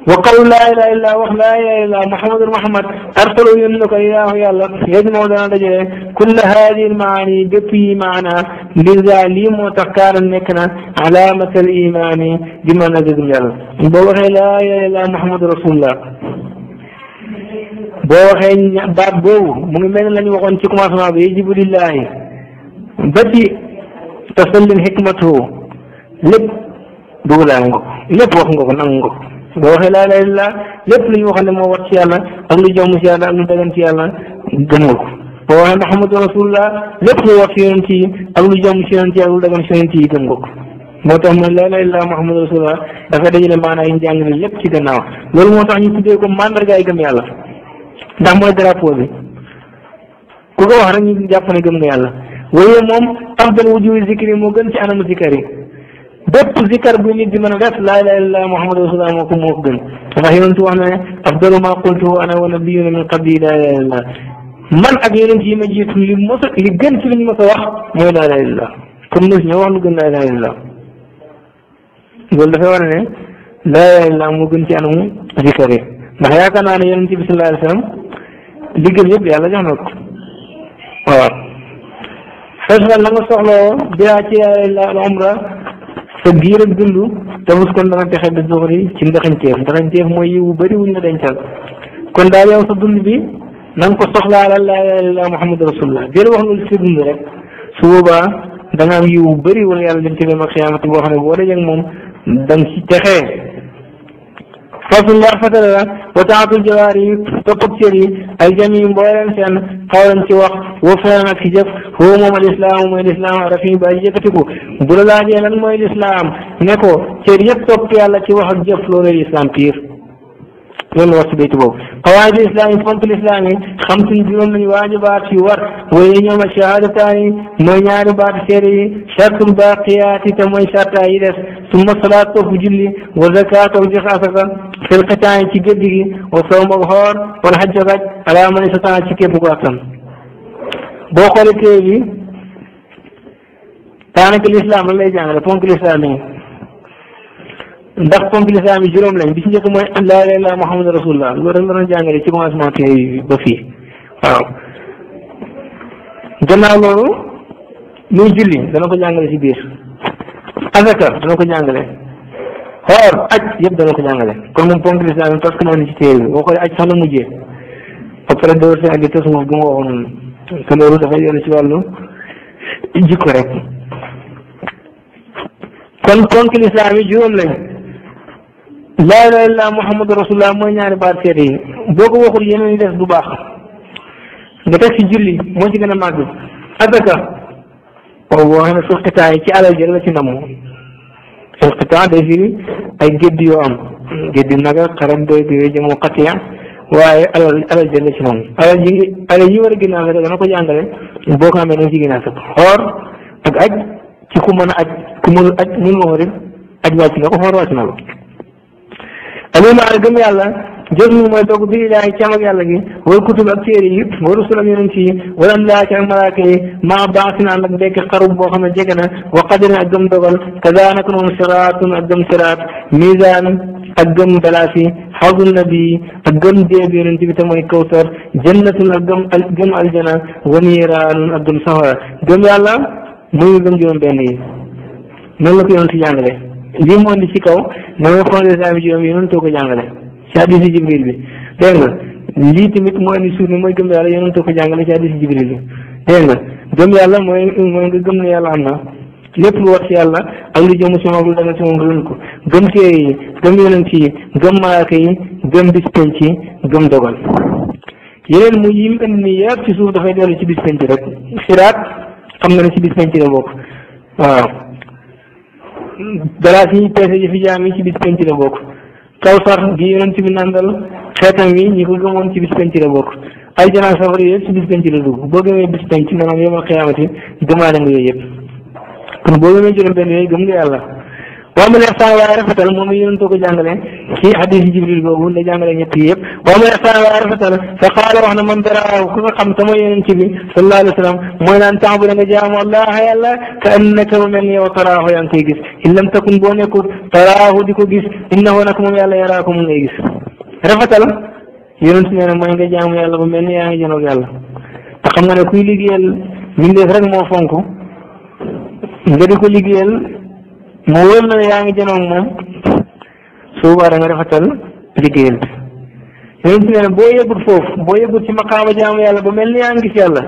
wa qawl laa ilaha illa wax laa ilaha illa muhammadun muhammad arsalu yónni na ko ilaahu yàlla yajmaw dana dajale kulla haadihi almaani bépp yi maana lisa lii moo tax kaana nekk na alaamatal imaani di mën a gëm yàlla boo waxee laa ilaha illa muhammadu rasulullah boo waxee baat boobu mu ngi mel ni la ñu waxoon ci commencement bi yajibu lillahi ba ci tasallin hikmatu lépp dugalaa nga ko lépp wax nga ko nangu nga ko boo waxee laa ilaaha illallaah lépp lu ñu waxoon ne moo war ci yàlla ak lu jomb ci yàlla ak lu dagan ci yàlla gëm nga ko boo waxee Muhammadu Rasulullah lépp lu war ci yonent yi ak lu jomb ci yonent yi ak lu dagan ci yonent yi gëm nga ko moo tax man laa ilaaha illallaah Muhammadu Rasulullah dafay dajale maanaa yi ñu jàngale lépp ci gannaaw loolu moo tax ñu tuddee ko mandargaay gëm yàlla ndax mooy drapeau bi ku ko wax rek ñu jàpp ne gëm nga yàlla waaye moom afdal wujuuhi zikri moo gën ci anam zikari bépp zikar bu nit di mën a def laa ilaha illallah muhammadu rasulullah moo ko moo ko gën ndax yonent wax na ne afdalu ma qultuhu ana wa nabiyuna min qabli laa ilaha illallah man ak yonent yi ma jiitu li mos li gën ci liñ mos a wax mooy laa ilaha illallah comme mos ñoo wax lu gën laa ilaha illallah loolu dafay wane ne laa ilaha illallah moo gën ci anamu zikar yi ndax yaakaar naa ne yonent bi sallallahu alayhi wa sallam li gën yëpp yàlla jox na ko waaw fas la nga soxla bi ci laa ilaha illallah al umra sa biir ak dund tamus kon dana texe bi zuxri ci ndaxanteef ndaxanteef mooy yiwu bëri wuñ la dencal kon daal yow sa dund bi na nga ko soxlaa la ilaha illallah muhammadu rasulullah jël wax loolu si dund rek su boobaa da nga am yiwu bëri wala yàlla dem ci dem ak xiyaamati boo xam ne boo dajee ak moom da nga ci texee fasl yar fatale la wa taatul jawaar yi toppag cër yi aljami mbooleem seen xawlan ci wax wa fanaan ak ci jëf foofu moom alislaamu mooy lislaam rafi ba yëkkatiku bu la laajee lan mooy lislaam ne ko cër yëpp topp yàlla ci wax ak jëf loolu lislaam piir loolu war si béykat boobu xawaayid islam yi fonk islam yi xam suñ juróom lañu waajibaat yu war waaye ñoom ak shahadataani mooy ñaari baat seede yi chartul baqiyaati te mooy charta yi des summa salaat topp julli wa zakaat ak jox asaka fil xitaani ci gëdd gi wa sawm ak xoor wala xaj ak aj ala man istataa ci képp ko attan boo xoolee téye bi daanaka l'islam lan lay jàngale fonk l'islam yi ndax ponk lislaam yi juróom lañ bi ci njëkk mooy laa ilaaha illallaah muhammadu rasulullah loolu rek la doon jàngale ci commencement tey ba fii waaw gannaaw loolu muy dana ko jàngale ci biir azaka dana ko jàngale xoor aj yëpp dana ko jàngale kon moom ponk lislaam yi parce que moom ci téere bi boo xoolee aj sax la mujjee ba pare te loolu dafay yoon ci wàllu jikko rek ponk lislaam yi juróom lañ laa ilaaha illa muhammadu mooy ñaari baat seede yi boo ko waxul yeneen yi des du baax nga teg ci julli moo ci gën a màgg azaka waaw boo xam ne ci alal jël la ci namm suuf xitaa day ay gédd yoo am naga xaram doy bi yooyu jëmoo waaye alal alal jël la ci namm alal yi alal yi war a gën a am dana ko jàngale boo ko amee ci gën a sëkk xoor ak aj ci ku mën a aj ku mënul aj mënul xoori ko xoor wàcc ko alimaan gëm yàlla jël mu mooy doog bi ilaahi ci am ak yàlla gi wal kutub ak téere yi wa rusul ak yonent yi wala laa ci ak malaaka yi maa baaxin ànd ak dekk xarub boo xam ne jege na wa qadarin ak gëm dogal kazaanaka noonu siraatun ak gëm siraat misaan ak gëm balaas yi xawdu nabi ak gëm déeb yonent bi te mooy kawsar jannatun ak gëm al gëm aljana wa niiraanun ak gëm safara gëm yàlla muy gëm juróom benn yi noonu la ko yonent jàngale jéemoon di ci kaw na ma fondé saa bi juróom yonantoo ko jàngale ci hadiisi Jibril bi dégg nga lii tamit moo indi suuf ne mooy gëm yàlla yonantoo ko jàngale ci hadiisi Jibril bi dégg nga gëm yàlla mooy mooy nga gëm ne yàlla am na lépp lu wax ci yàlla ak lu jëm ci moom lu dana ci moom gën ko gëm téere yi gëm yonent yi gëm malaaka yi gëm bis penc yi gëm dogal yeneen mu yi mu indi nii yëpp ci suuf dafay dellu ci bis penc rek xiraat xam nga ne ci bis penc la bokk waaw galaas yi peese jëfi jaam yi ci bis penc la bokk kawsar gi yonent bi nàndal xeetam wi ñi ko gëmoon ci bis penc la bokk ay janaa safara yëpp ci bis penc la dugg boo gëmee bis penc maanaam yomal xiyaamati gëmaale nga yooyu yëpp kon boo gëmee juróom benn gëm nga yàlla waa mu leex saan waaye moom yonent ko jàngale ci xadis jibril boobu la jàngale ñett yi yëpp waa mu leex saan waaye rafetal fa qaala wax na man daraaw ku nga xam sama yonent bi sallallahu alayhi wa sallam mooy naan taabu da nga allah ka annaka mu mel ni yow taraahu yaa ngi koy gis in lam takun boo nekkul taraahu di ko gis innahu nag moom yàlla yaraa ko mu ngay gis rafetal yonent nee na mooy nga jaamu yàlla ba mel ni yaa ngi nga ne kuy liggéeyal mbindeef rek moo fonk nga di ko mu wóor na ne yaa ngi jënoog moom su boobaa da nga rafetal liggéeyal bi yonent nee na boo yëgut foofu boo yëgut ci maqaama jaamu yàlla ba mel ni yaa ngi gis yàlla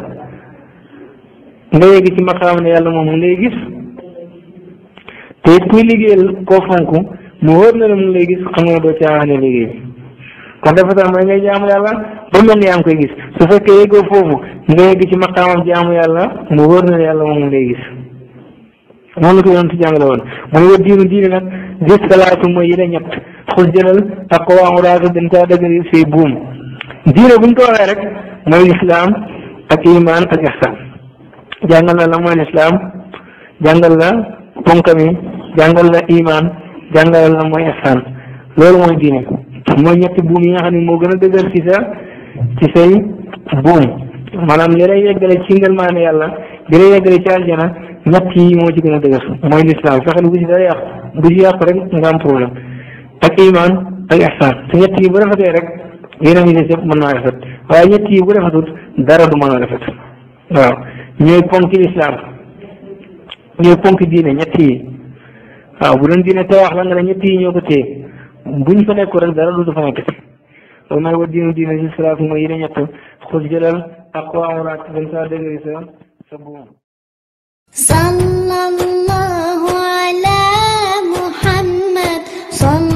nga yëg ci maqaama ne yàlla moom mu lay gis te it kuy liggéeyal mu wóor na ne mu lay gis xam nga doo caaxaane ni yaa ngi fekkee yëgoo foofu yàlla mu wóor na ne yàlla moom mu noonu la ko yonent jàngale woon mu ne wa diinu diine nag gis salaatu mooy yële ñett xul jëlal ak ko waa muraaka dem taa dëgëri say buum diine buñ ko waxee rek mooy lislaam ak iman ak ihsaan jàngal na la mooy lislaam jàngal la ponkami jàngal la iman jàngal la mooy ihsaan loolu mooy diine mooy ñetti buum yi nga xam ne moo gën a dëgër ci sa ci say buum maanaam li lay yeggale ci ngëlmaane yàlla li lay yeggale ci aljana ñett yi moo ci gën a dëgër mooy lislaam fexeel bu ci dara yàqu bu ci yàqu rek nga am problème ak iman ak ñett yi bu rafetee rek yeneen yi des yëpp mën naa rafet waaye ñett yi bu rafetut dara du mën a rafet waaw ñooy ponk lislaam ñooy ne diine ñett yi waaw bu doon diine tawaax la nga ne ñett yi ñoo ko téye buñ fa nekku rek dara du fa nekk loolu mooy wa diinu diine si salaat mooy yeneen ñett xul jëlal ak waa awraat dañ saa صلى الله على محمد صلى